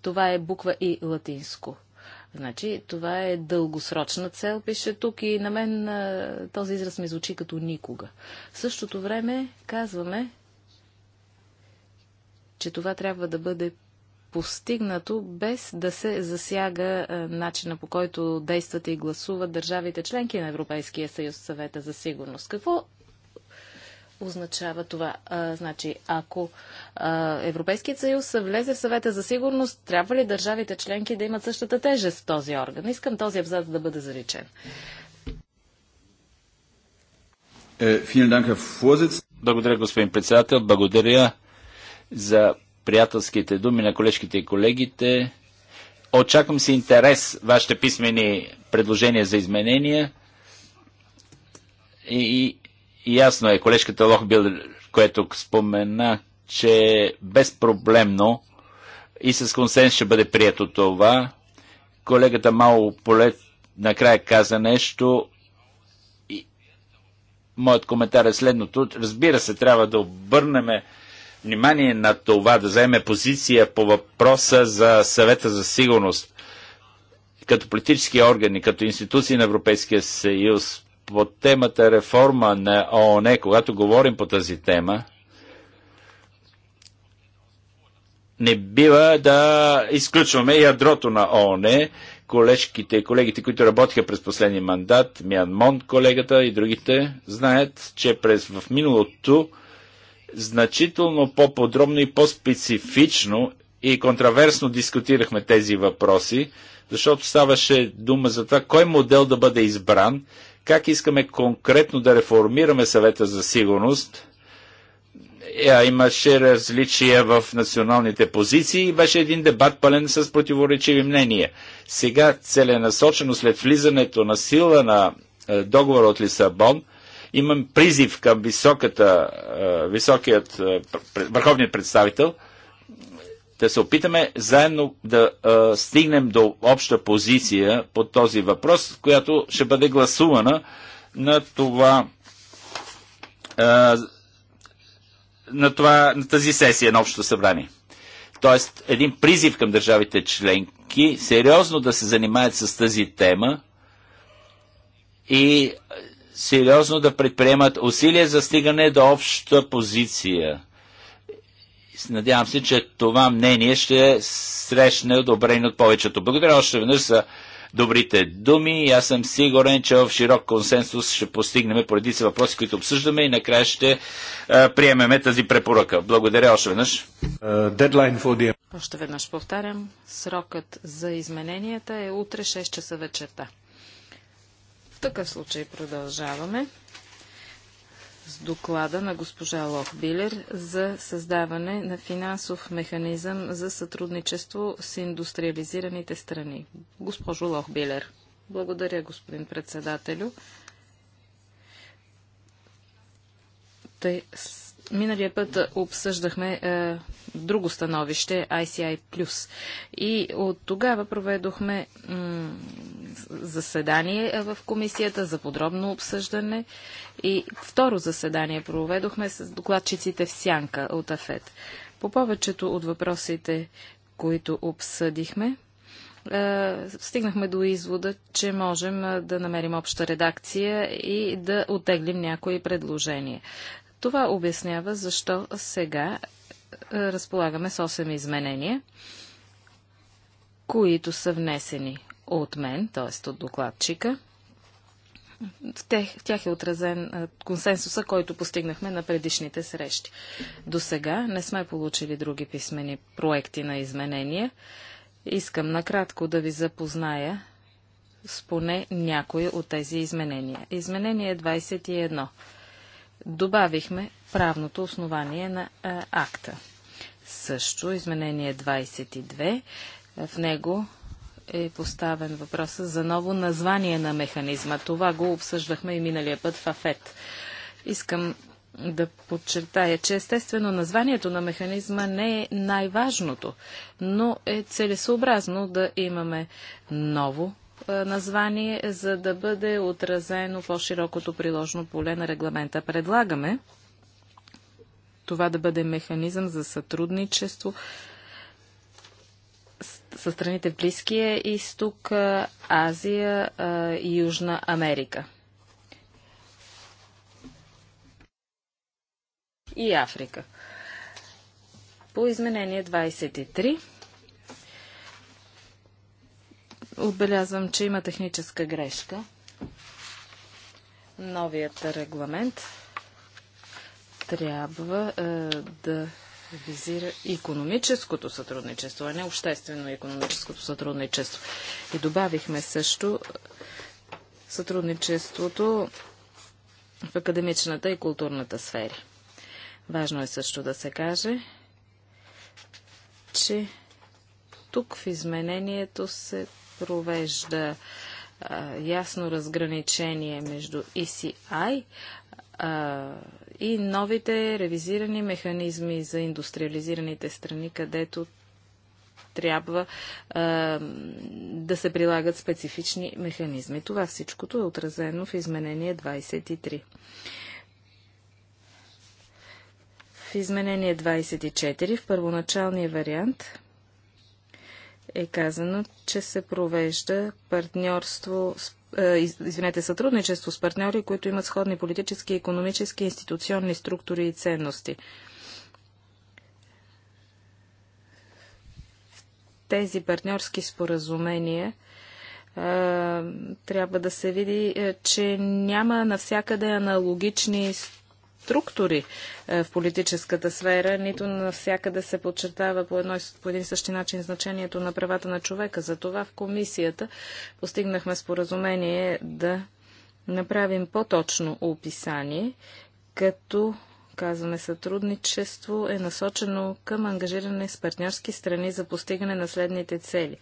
това е буква и латинско. Значи, това е дългосрочна цел, пише тук и на мен а, този израз ми звучи като никога. В същото време казваме, че това трябва да бъде постигнато без да се засяга а, начина по който действат и гласуват държавите членки на Европейския съюз съвета за сигурност. Какво означава това? А, значи, ако а, Европейският съюз влезе в съвета за сигурност, трябва ли държавите членки да имат същата тежест в този орган? Искам този абзац да бъде заричен. Е, е, Благодаря, господин председател. Благодаря за приятелските думи на колежките и колегите. Очаквам си интерес вашите писмени предложения за изменения. И, и, Ясно е, колежката Лохбил, което спомена, че безпроблемно и с консенс ще бъде прието това. Колегата Мало Полет накрая каза нещо. И моят коментар е следното. Разбира се, трябва да обърнеме внимание на това, да вземе позиция по въпроса за съвета за сигурност като политически органи, като институции на Европейския съюз, по темата реформа на ООН, когато говорим по тази тема, не бива да изключваме ядрото на ООН, колежките и колегите, които работиха през последния мандат, Миан Монт колегата и другите, знаят, че през в миналото значително по-подробно и по-специфично и контраверсно дискутирахме тези въпроси, защото ставаше дума за това кой модел да бъде избран как искаме конкретно да реформираме съвета за сигурност. Е, имаше различия в националните позиции и беше един дебат пълен с противоречиви мнения. Сега целенасочено след влизането на сила на е, договора от Лисабон, имам призив към високата, е, високият е, върховният представител – да се опитаме заедно да а, стигнем до обща позиция по този въпрос, която ще бъде гласувана на това а, на, това, на тази сесия на Общото събрание. Тоест, един призив към държавите членки сериозно да се занимаят с тази тема и сериозно да предприемат усилия за стигане до обща позиция. Надявам се, че това мнение ще срещне одобрение от повечето. Благодаря още веднъж за добрите думи и аз съм сигурен, че в широк консенсус ще постигнем поредица въпроси, които обсъждаме и накрая ще приемеме тази препоръка. Благодаря още веднъж. Още веднъж повтарям, срокът за измененията е утре 6 часа вечерта. В такъв случай продължаваме с доклада на госпожа Лохбилер за създаване на финансов механизъм за сътрудничество с индустриализираните страни. Госпожо Лохбилер. Благодаря, господин председателю. Тъй Миналия път обсъждахме е, друго становище, ICI+. И от тогава проведохме заседание е, в комисията за подробно обсъждане и второ заседание проведохме с докладчиците в Сянка от АФЕД. По повечето от въпросите, които обсъдихме, е, стигнахме до извода, че можем е, да намерим обща редакция и да отеглим някои предложения. Това обяснява защо сега е, разполагаме с 8 изменения, които са внесени от мен, т.е. от докладчика. В тях, в тях е отразен е, консенсуса, който постигнахме на предишните срещи. До сега не сме получили други писмени проекти на изменения. Искам накратко да ви запозная с поне някои от тези изменения. Изменение 21 добавихме правното основание на а, е, акта. Също изменение 22. Е, в него е поставен въпроса за ново название на механизма. Това го обсъждахме и миналия път в АФЕТ. Искам да подчертая, че естествено названието на механизма не е най-важното, но е целесообразно да имаме ново е, название, за да бъде отразено по-широкото приложно поле на регламента. Предлагаме това да бъде механизъм за сътрудничество с страните в Близкия изток, е, Азия е, и Южна Америка. И Африка. По изменение 23 Отбелязвам, че има техническа грешка. Новият регламент трябва е, да визира економическото сътрудничество, а не обществено-економическото сътрудничество. И добавихме също сътрудничеството в академичната и културната сфери. Важно е също да се каже, че тук в изменението се провежда а, ясно разграничение между ECI а, и новите ревизирани механизми за индустриализираните страни, където трябва а, да се прилагат специфични механизми. Това всичкото е отразено в изменение 23. В изменение 24 в първоначалния вариант е казано, че се провежда партньорство, е, извинете, сътрудничество с партньори, които имат сходни политически, економически, институционни структури и ценности. тези партньорски споразумения а, е, трябва да се види, е, че няма навсякъде аналогични структури е, в политическата сфера, нито навсякъде се подчертава по, едно, по един същи начин значението на правата на човека. Затова в комисията постигнахме споразумение да направим по-точно описание, като казваме сътрудничество е насочено към ангажиране с партньорски страни за постигане на следните цели.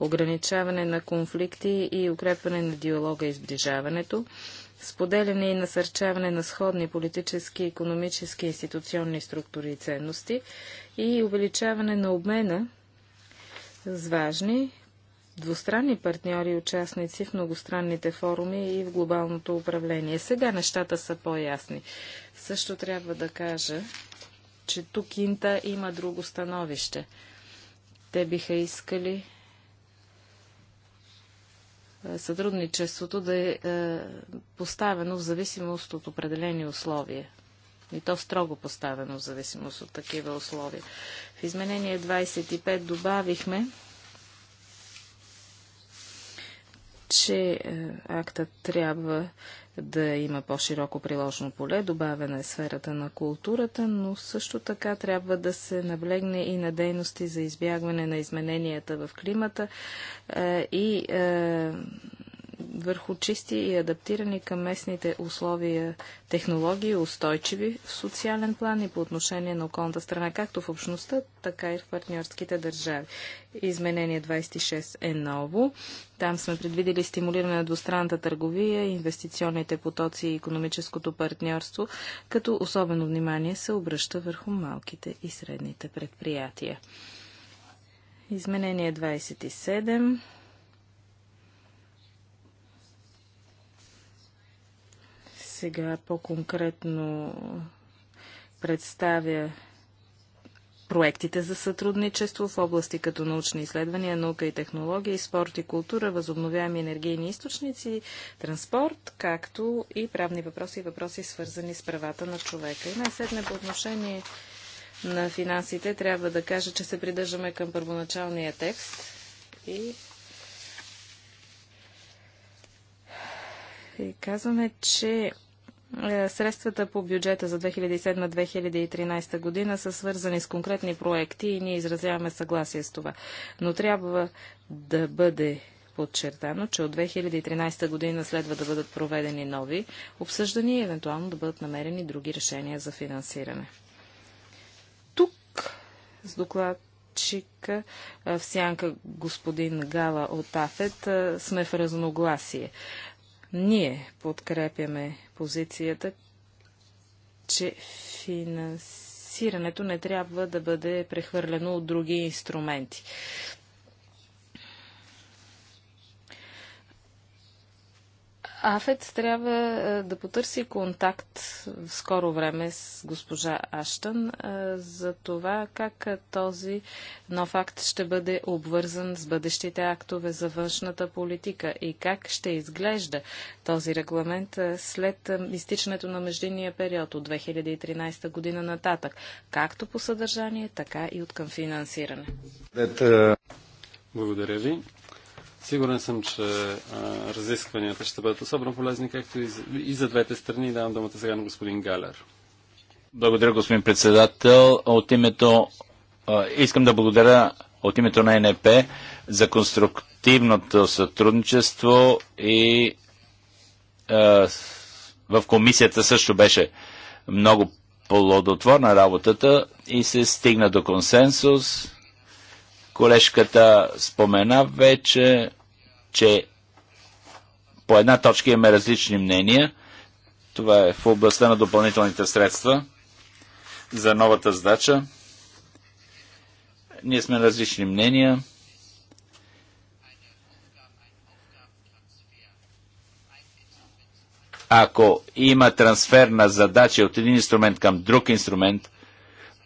Ограничаване на конфликти и укрепване на диалога и сближаването, споделяне и насърчаване на сходни политически, економически и институционни структури и ценности и увеличаване на обмена с важни двустранни партньори и участници в многостранните форуми и в глобалното управление. Сега нещата са по-ясни. Също трябва да кажа, че тук Инта има друго становище. Те биха искали сътрудничеството да е, е поставено в зависимост от определени условия. И то строго поставено в зависимост от такива условия. В изменение 25 добавихме, че е, актът трябва да има по-широко приложно поле, добавена е сферата на културата, но също така трябва да се наблегне и на дейности за избягване на измененията в климата е, и е, върху чисти и адаптирани към местните условия технологии, устойчиви в социален план и по отношение на околната страна, както в общността, така и в партньорските държави. Изменение 26 е ново. Там сме предвидели стимулиране на двустранната търговия, инвестиционните потоци и економическото партньорство, като особено внимание се обръща върху малките и средните предприятия. Изменение 27 сега по-конкретно представя проектите за сътрудничество в области като научни изследвания, наука и технология, спорт и култура, възобновяеми енергийни източници, транспорт, както и правни въпроси и въпроси свързани с правата на човека. И най седне по отношение на финансите трябва да кажа, че се придържаме към първоначалния текст и и казваме, че е, средствата по бюджета за 2007-2013 година са свързани с конкретни проекти и ние изразяваме съгласие с това. Но трябва да бъде подчертано, че от 2013 година следва да бъдат проведени нови обсъждания и евентуално да бъдат намерени други решения за финансиране. Тук с докладчика в сянка господин Гала от Афет сме в разногласие. Ние подкрепяме позицията, че финансирането не трябва да бъде прехвърлено от други инструменти. Афет трябва да потърси контакт в скоро време с госпожа Аштън за това как този нов акт ще бъде обвързан с бъдещите актове за външната политика и как ще изглежда този регламент след изтичането на междинния период от 2013 година нататък, както по съдържание, така и от към финансиране. Е, е, е. Благодаря ви. Сигурен съм, че а, разискванията ще бъдат особено полезни, както и за, и за двете страни. Давам думата сега на господин Галер. Благодаря, господин председател. От името, а, искам да благодаря от името на НП за конструктивното сътрудничество и а, в комисията също беше много плодотворна работата и се стигна до консенсус Колежката спомена вече, че по една точка имаме различни мнения. Това е в областта на допълнителните средства за новата задача. Ние сме различни мнения. Ако има трансфер на задачи от един инструмент към друг инструмент,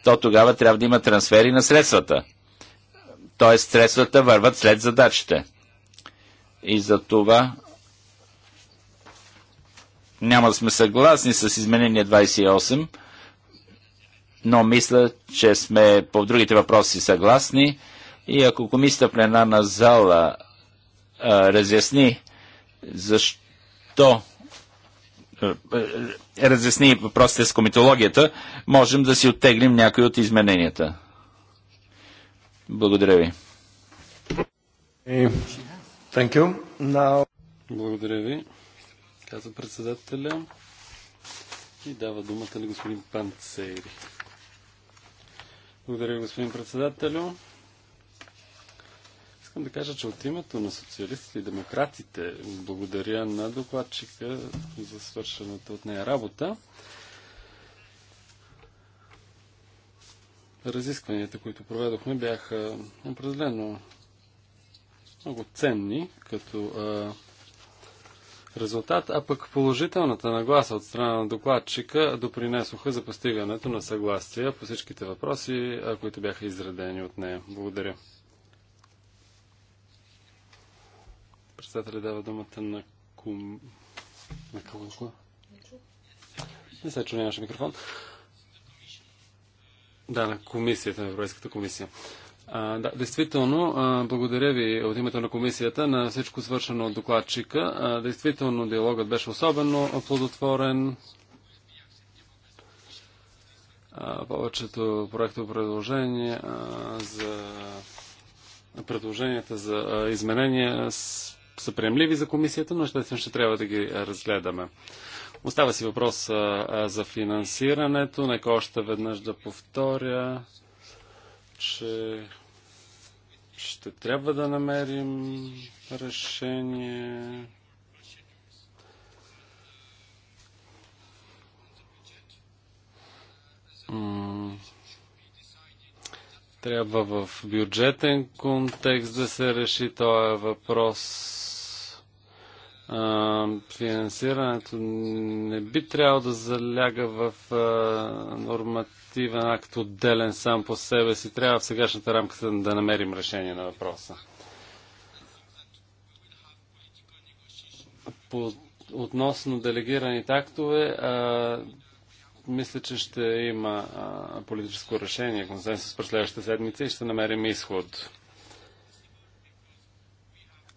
то тогава трябва да има трансфери на средствата – Тоест средствата върват след задачите. И за това няма да сме съгласни с изменение 28, но мисля, че сме по другите въпроси съгласни. И ако комисията в пленарна зала а, разясни защо а, разясни въпросите с комитологията, можем да си оттеглим някои от измененията. Благодаря ви. Е, Now... Благодаря ви, каза председателя. И дава думата на господин Панцери. Благодаря, господин председателю. Искам да кажа, че от името на социалистите и демократите благодаря на докладчика за свършената от нея работа. Разискванията, които проведохме, бяха определено много ценни като а, резултат, а пък положителната нагласа от страна на докладчика допринесоха за постигането на съгласие по всичките въпроси, а, които бяха изредени от нея. Благодаря. Председателя дава думата на кум... На кого? Не се чу, нямаше микрофон. Да, на комисията, на Европейската комисия. А, да, действително, а, благодаря ви от името на комисията на всичко свършено от докладчика. А, действително, диалогът беше особено плодотворен. А, повечето проекто предложения а, за предложенията за изменения с, са приемливи за комисията, но ще, ще трябва да ги разгледаме. Остава си въпрос за финансирането. Нека още веднъж да повторя, че ще трябва да намерим решение. Трябва в бюджетен контекст да се реши този въпрос а, финансирането не би трябвало да заляга в нормативен акт отделен сам по себе си. Трябва в сегашната рамка да намерим решение на въпроса. По, относно делегираните актове, а, мисля, че ще има а, политическо решение, консенсус през следващата седмица и ще намерим изход.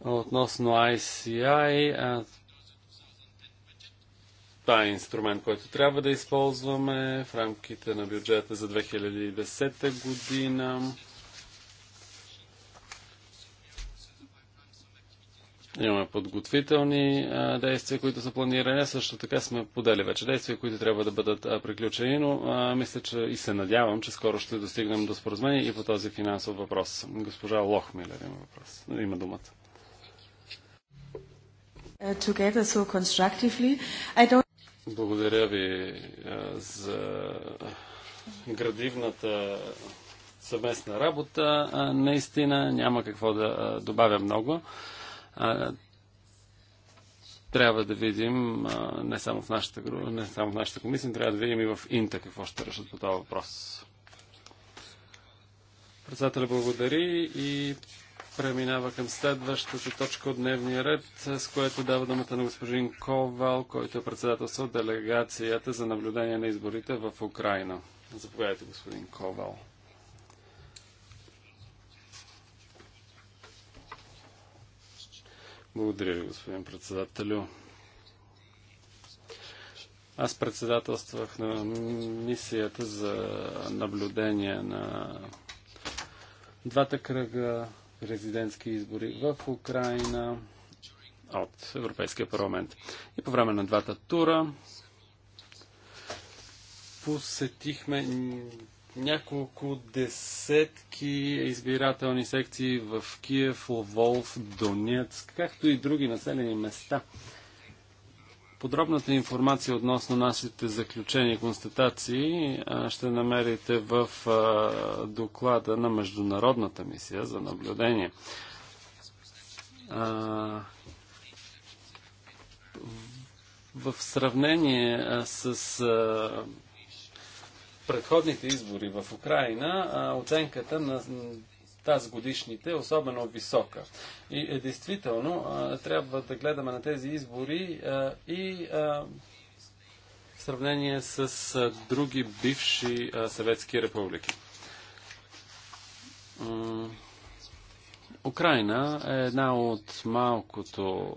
Относно ICI, това е инструмент, който трябва да използваме в рамките на бюджета за 2010 година. Имаме подготвителни а, действия, които са планирани. Също така сме подели вече действия, които трябва да бъдат а, приключени, но а, мисля, че и се надявам, че скоро ще достигнем до споразумение и по този финансов въпрос. Госпожа Лохмилер има въпрос. Има думата. Uh, so Благодаря ви за градивната съвместна работа. Наистина няма какво да добавя много трябва да видим, не само в нашата, не само в нашата комисия, но трябва да видим и в Инта какво ще решат по този въпрос. Председателя благодари и преминава към следващата точка от дневния ред, с което дава думата на господин Ковал, който е председателство от делегацията за наблюдение на изборите в Украина. Заповядайте, господин Ковал. Благодаря ви, господин председателю. Аз председателствах на мисията за наблюдение на двата кръга президентски избори в Украина от Европейския парламент. И по време на двата тура посетихме няколко десетки избирателни секции в Киев, Лвов, Донецк, както и други населени места – Подробната информация относно нашите заключения и констатации ще намерите в доклада на Международната мисия за наблюдение. В сравнение с предходните избори в Украина, оценката на тази годишните особено висока. И е, действително а, трябва да гледаме на тези избори а, и а, в сравнение с а, други бивши а, съветски републики. М Украина е една от малкото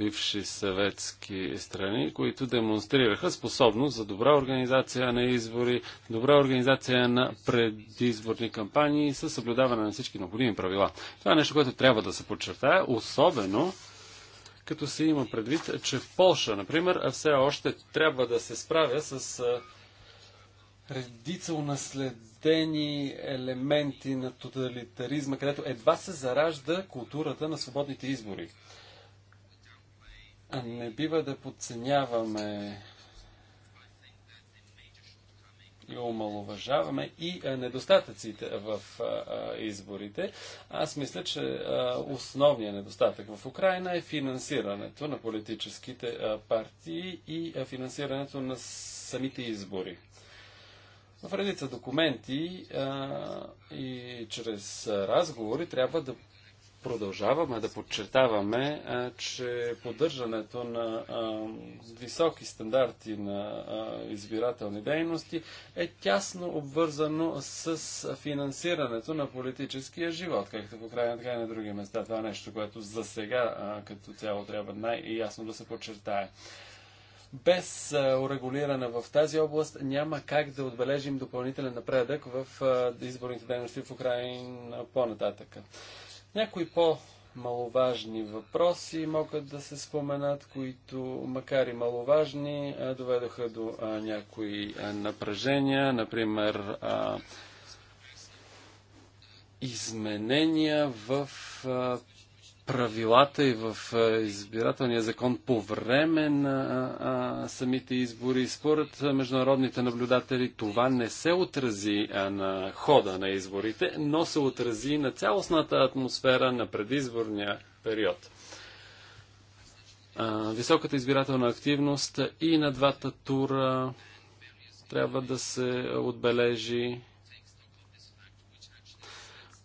бивши съветски страни, които демонстрираха способност за добра организация на избори, добра организация на предизборни кампании с съблюдаване на всички необходими правила. Това е нещо, което трябва да се подчертае, особено като се има предвид, че в Польша, например, все още трябва да се справя с редица унаследени елементи на тоталитаризма, където едва се заражда културата на свободните избори. Не бива да подценяваме и омалуважаваме и недостатъците в изборите. Аз мисля, че основният недостатък в Украина е финансирането на политическите партии и финансирането на самите избори. В редица документи и чрез разговори трябва да продължаваме да подчертаваме, че поддържането на високи стандарти на избирателни дейности е тясно обвързано с финансирането на политическия живот, както по крайна така и на други места. Това е нещо, което за сега като цяло трябва най-ясно да се подчертае. Без урегулиране в тази област няма как да отбележим допълнителен напредък в изборните дейности в Украина по-нататъка. Някои по-маловажни въпроси могат да се споменат, които, макар и маловажни, доведоха до някои напрежения, например изменения в правилата и в избирателния закон по време на а, самите избори. Според международните наблюдатели това не се отрази на хода на изборите, но се отрази на цялостната атмосфера на предизборния период. А, високата избирателна активност и на двата тура трябва да се отбележи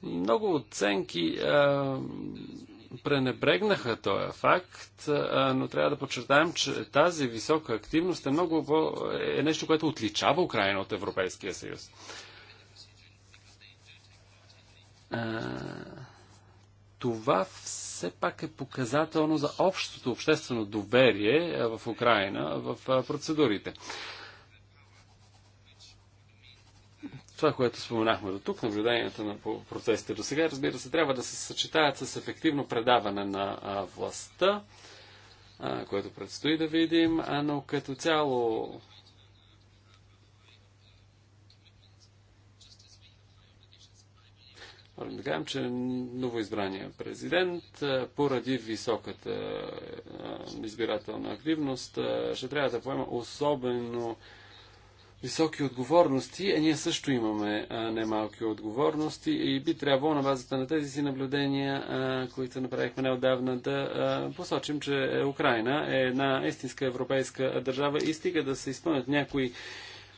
много оценки пренебрегнаха този факт, но трябва да подчертаем, че тази висока активност е, много, е нещо, което отличава Украина от Европейския съюз. Това все пак е показателно за общото обществено доверие в Украина в процедурите. това, което споменахме до тук, наблюдението на процесите до сега, разбира се, трябва да се съчетаят с ефективно предаване на а, властта, а, което предстои да видим, а, но като цяло Можем да кажем, че новоизбрания президент поради високата избирателна активност ще трябва да поема особено високи отговорности, а ние също имаме а, немалки отговорности и би трябвало на базата на тези си наблюдения, а, които направихме неодавна, да а, посочим, че Украина е една истинска европейска държава и стига да се изпълнят някои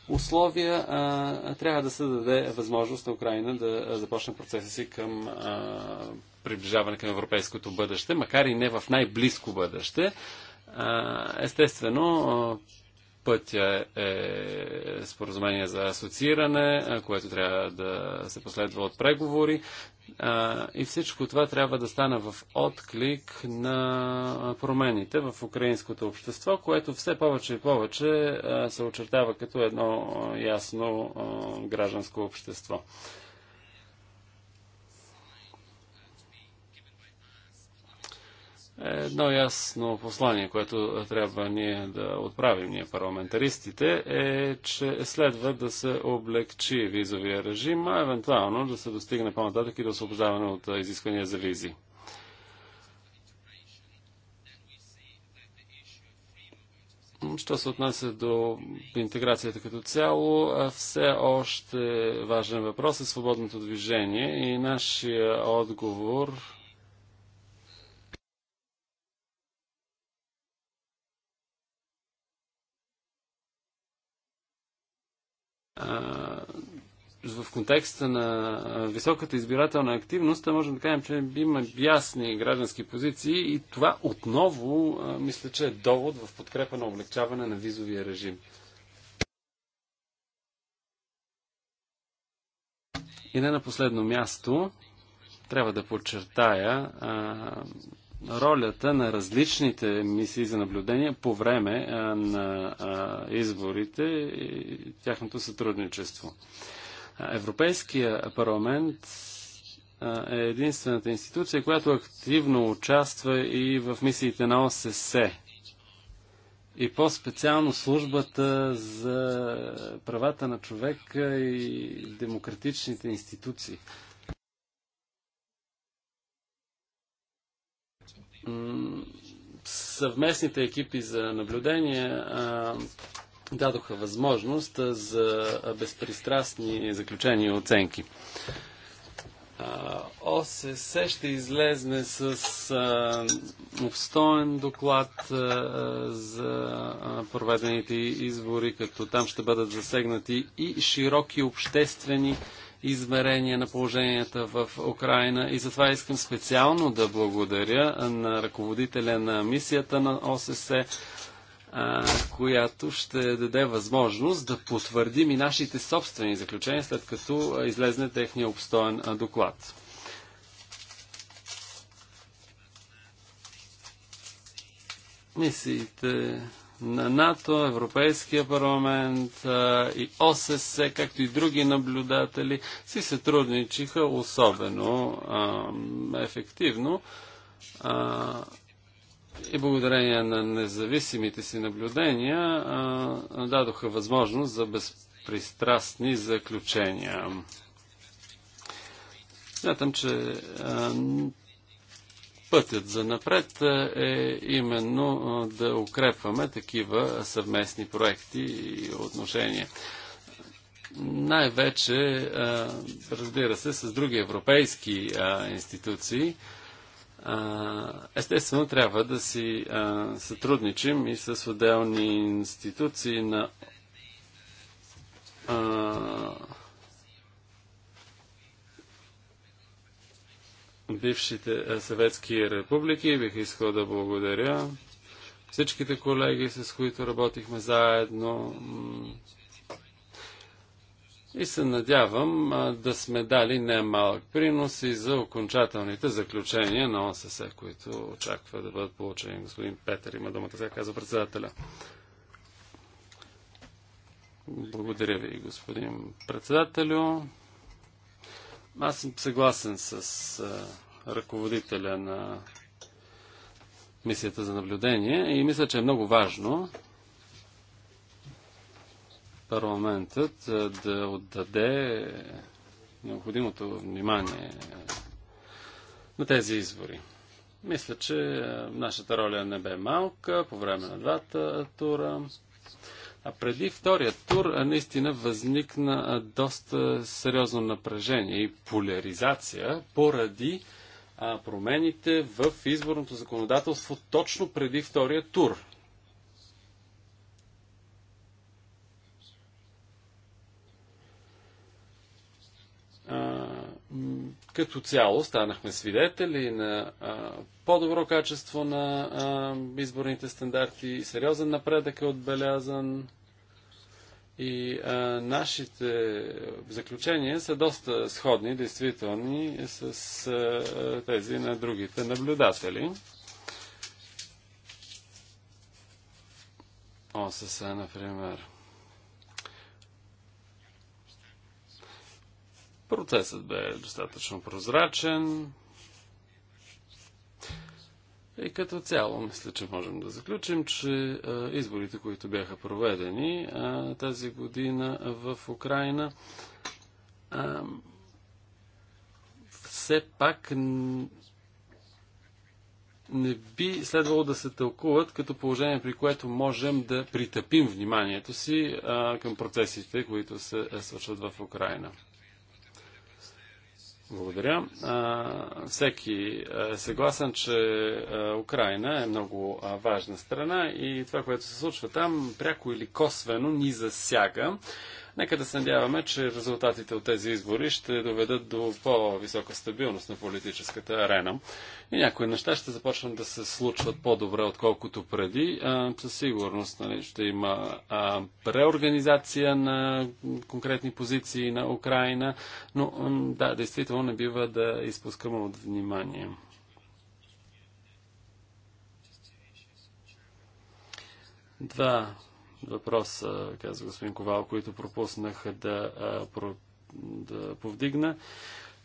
условия, а, трябва да се даде възможност на Украина да започне процеса си към а, приближаване към европейското бъдеще, макар и не в най-близко бъдеще. Естествено, Пътя е споразумение за асоцииране, което трябва да се последва от преговори. И всичко това трябва да стане в отклик на промените в украинското общество, което все повече и повече се очертава като едно ясно гражданско общество. едно ясно послание, което трябва ние да отправим, ние парламентаристите, е, че следва да се облегчи визовия режим, а евентуално да се достигне по-нататък и да освобождаване от изисквания за визи. Що се отнася до интеграцията като цяло, все още важен въпрос е свободното движение и нашия отговор в контекста на високата избирателна активност, можем да кажем, че има ясни граждански позиции и това отново мисля, че е довод в подкрепа на облегчаване на визовия режим. И не на последно място, трябва да подчертая а, ролята на различните мисии за наблюдение по време на изборите и тяхното сътрудничество. Европейския парламент е единствената институция, която активно участва и в мисиите на ОССЕ. И по-специално службата за правата на човека и демократичните институции. съвместните екипи за наблюдение дадоха възможност за безпристрастни заключения и оценки. ОСС ще излезне с обстоен доклад за проведените избори, като там ще бъдат засегнати и широки обществени измерение на положенията в Украина и затова искам специално да благодаря на ръководителя на мисията на ОССЕ, която ще даде възможност да потвърдим и нашите собствени заключения, след като излезне техния обстоен доклад. Мисиите на НАТО, Европейския парламент а, и ОСС, както и други наблюдатели, си сътрудничиха особено а, ефективно а, и благодарение на независимите си наблюдения дадоха възможност за безпристрастни заключения. Смятам, че Пътят за напред е, е именно да укрепваме такива съвместни проекти и отношения. Най-вече, разбира се, с други европейски институции. Естествено, трябва да си сътрудничим и с отделни институции на бившите е, съветски републики. Бих искал да благодаря всичките колеги, с които работихме заедно. И се надявам е, да сме дали немалък принос и за окончателните заключения на ОСС, които очаква да бъдат получени. Господин Петър има думата сега, казва председателя. Благодаря ви, господин председателю. Аз съм съгласен с а, ръководителя на мисията за наблюдение и мисля, че е много важно парламентът да отдаде необходимото внимание на тези избори. Мисля, че нашата роля не бе малка по време на двата тура. А преди втория тур наистина възникна доста сериозно напрежение и поляризация поради промените в изборното законодателство точно преди втория тур. като цяло станахме свидетели на по-добро качество на а, изборните стандарти, сериозен напредък е отбелязан. И а, нашите заключения са доста сходни, действителни, с а, тези на другите наблюдатели. ОСС, например. Процесът бе достатъчно прозрачен, и като цяло, мисля, че можем да заключим, че изборите, които бяха проведени тази година в Украина, все пак не би следвало да се тълкуват като положение, при което можем да притъпим вниманието си а, към процесите, които се е, случват в Украина. Благодаря. Всеки е съгласен, че Украина е много важна страна и това, което се случва там, пряко или косвено ни засяга. Нека да се надяваме, че резултатите от тези избори ще доведат до по-висока стабилност на политическата арена и някои неща ще започнат да се случват по-добре, отколкото преди. А, със сигурност нали, ще има а, преорганизация на конкретни позиции на Украина, но да, действително не бива да изпускаме от внимание. Два въпроса, каза господин Ковал, които пропуснах да, да повдигна.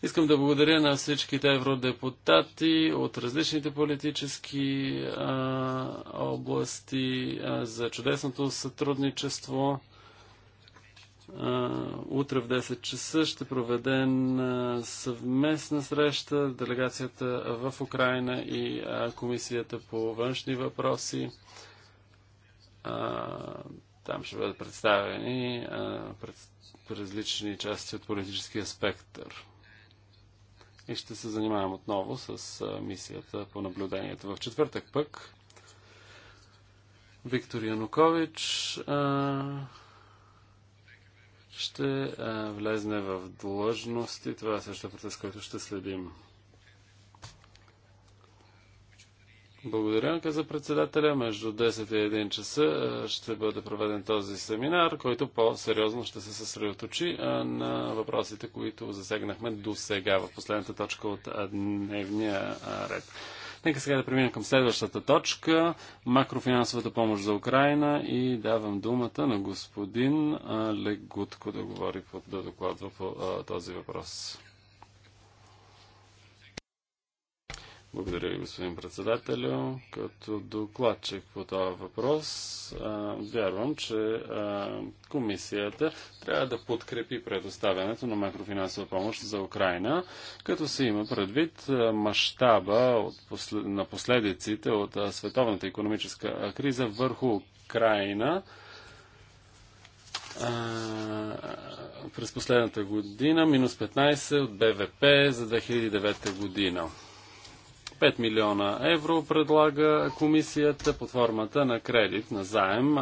Искам да благодаря на всичките евродепутати от различните политически а, области а, за чудесното сътрудничество. А, утре в 10 часа ще проведем а, съвместна среща делегацията в Украина и а, Комисията по външни въпроси. Там ще бъдат представени пред, различни части от политическия спектър. И ще се занимавам отново с мисията по наблюдението. В четвъртък пък Виктор Янукович а, ще а, влезне в длъжност и това е също процес, който ще следим. Благодаря, каза председателя. Между 10 и 1 часа ще бъде проведен този семинар, който по-сериозно ще се съсредоточи на въпросите, които засегнахме до сега в последната точка от дневния ред. Нека сега да преминем към следващата точка. Макрофинансовата помощ за Украина и давам думата на господин Легутко да говори, да докладва по този въпрос. Благодаря ви, господин председателю. Като докладчик по този въпрос, вярвам, че комисията трябва да подкрепи предоставянето на макрофинансова помощ за Украина, като се има предвид мащаба на последиците от световната економическа криза върху Украина през последната година, минус 15 от БВП за 2009 година. 5 милиона евро предлага комисията под формата на кредит, на заем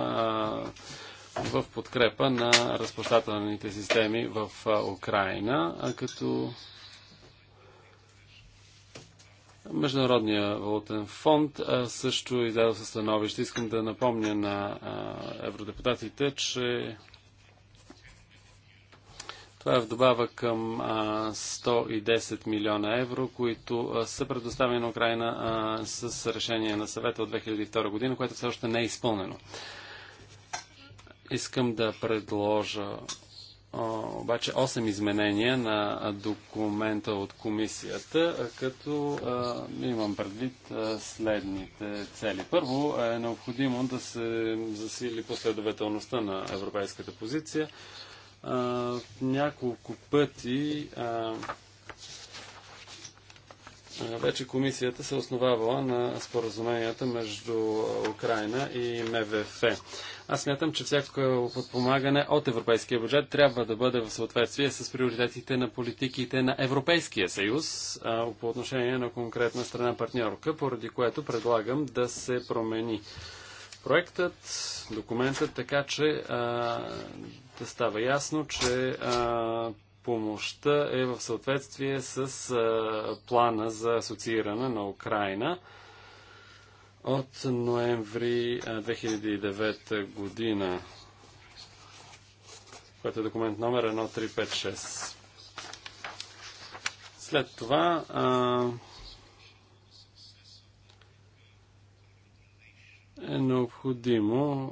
в подкрепа на разплащателните системи в Украина, а като Международния валутен фонд също издава със становище. Искам да напомня на евродепутатите, че това е вдобава към 110 милиона евро, които са предоставени на Украина с решение на съвета от 2002 година, което все още не е изпълнено. Искам да предложа обаче 8 изменения на документа от комисията, като имам предвид следните цели. Първо е необходимо да се засили последователността на европейската позиция няколко пъти а, вече комисията се основавала на споразуменията между Украина и МВФ. Аз смятам, че всяко подпомагане от европейския бюджет трябва да бъде в съответствие с приоритетите на политиките на Европейския съюз а, по отношение на конкретна страна партньорка, поради което предлагам да се промени проектът, документът, така че а, да става ясно, че а, помощта е в съответствие с а, плана за асоцииране на Украина от ноември 2009 година, което е документ номер 1356. След това а, е необходимо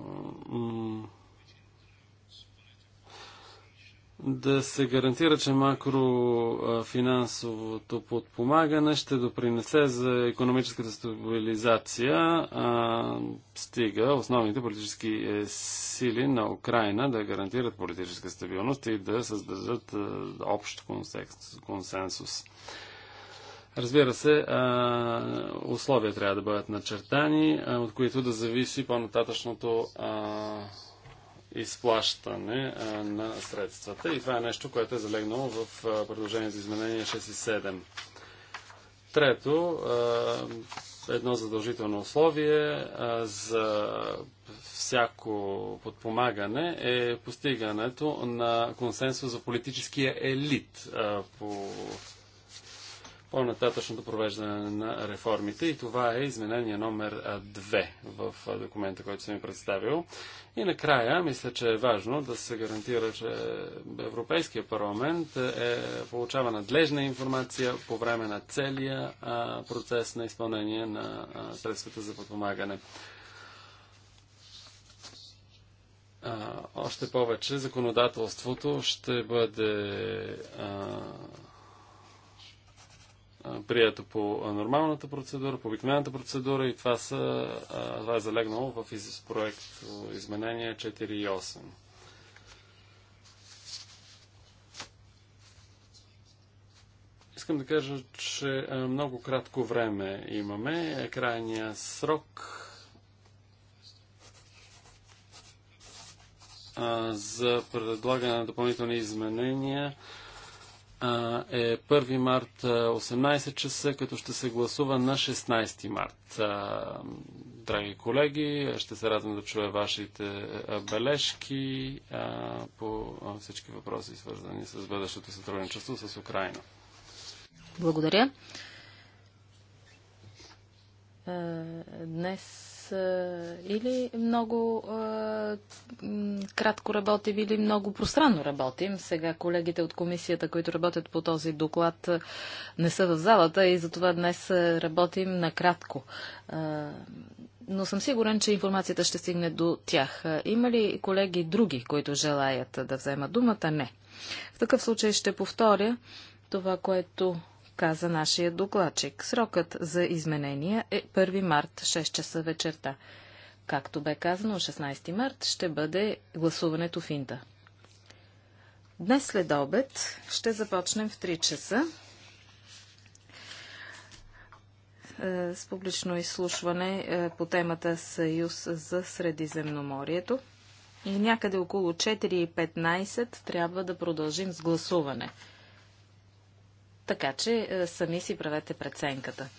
да се гарантира, че макрофинансовото подпомагане ще допринесе за економическата стабилизация, а, стига основните политически е, сили на Украина да гарантират политическа стабилност и да създадат е, общ консенсус. Разбира се, условия трябва да бъдат начертани, от които да зависи по-нататъчното изплащане на средствата. И това е нещо, което е залегнало в предложение за изменение 6 и 7. Трето, едно задължително условие за всяко подпомагане е постигането на консенсус за политическия елит по по-нататъчното провеждане на реформите и това е изменение номер 2 в документа, който съм ми представил. И накрая, мисля, че е важно да се гарантира, че Европейския парламент е, получава надлежна информация по време на целия а, процес на изпълнение на а, средствата за подпомагане. А, още повече законодателството ще бъде а, прието по нормалната процедура, по обикновената процедура и това, са, това е залегнало в проект изменения 4 и 8. Искам да кажа, че много кратко време имаме. Е крайния срок за предлагане на допълнителни изменения е 1 март 18 часа, като ще се гласува на 16 март. Драги колеги, ще се радвам да чуя вашите бележки по всички въпроси, свързани с бъдещото сътрудничество с Украина. Благодаря. Е, днес са или много кратко работим, или много пространно работим. Сега колегите от комисията, които работят по този доклад, не са в залата и затова днес работим накратко. но съм сигурен, че информацията ще стигне до тях. Има ли колеги други, които желаят да вземат думата? Не. В такъв случай ще повторя това, което каза нашия докладчик. Срокът за изменения е 1 март 6 часа вечерта. Както бе казано, 16 март ще бъде гласуването в Инда. Днес след обед ще започнем в 3 часа е, с публично изслушване е, по темата Съюз за Средиземноморието. И някъде около 4.15 трябва да продължим с гласуване. Така че е, сами си правете преценката.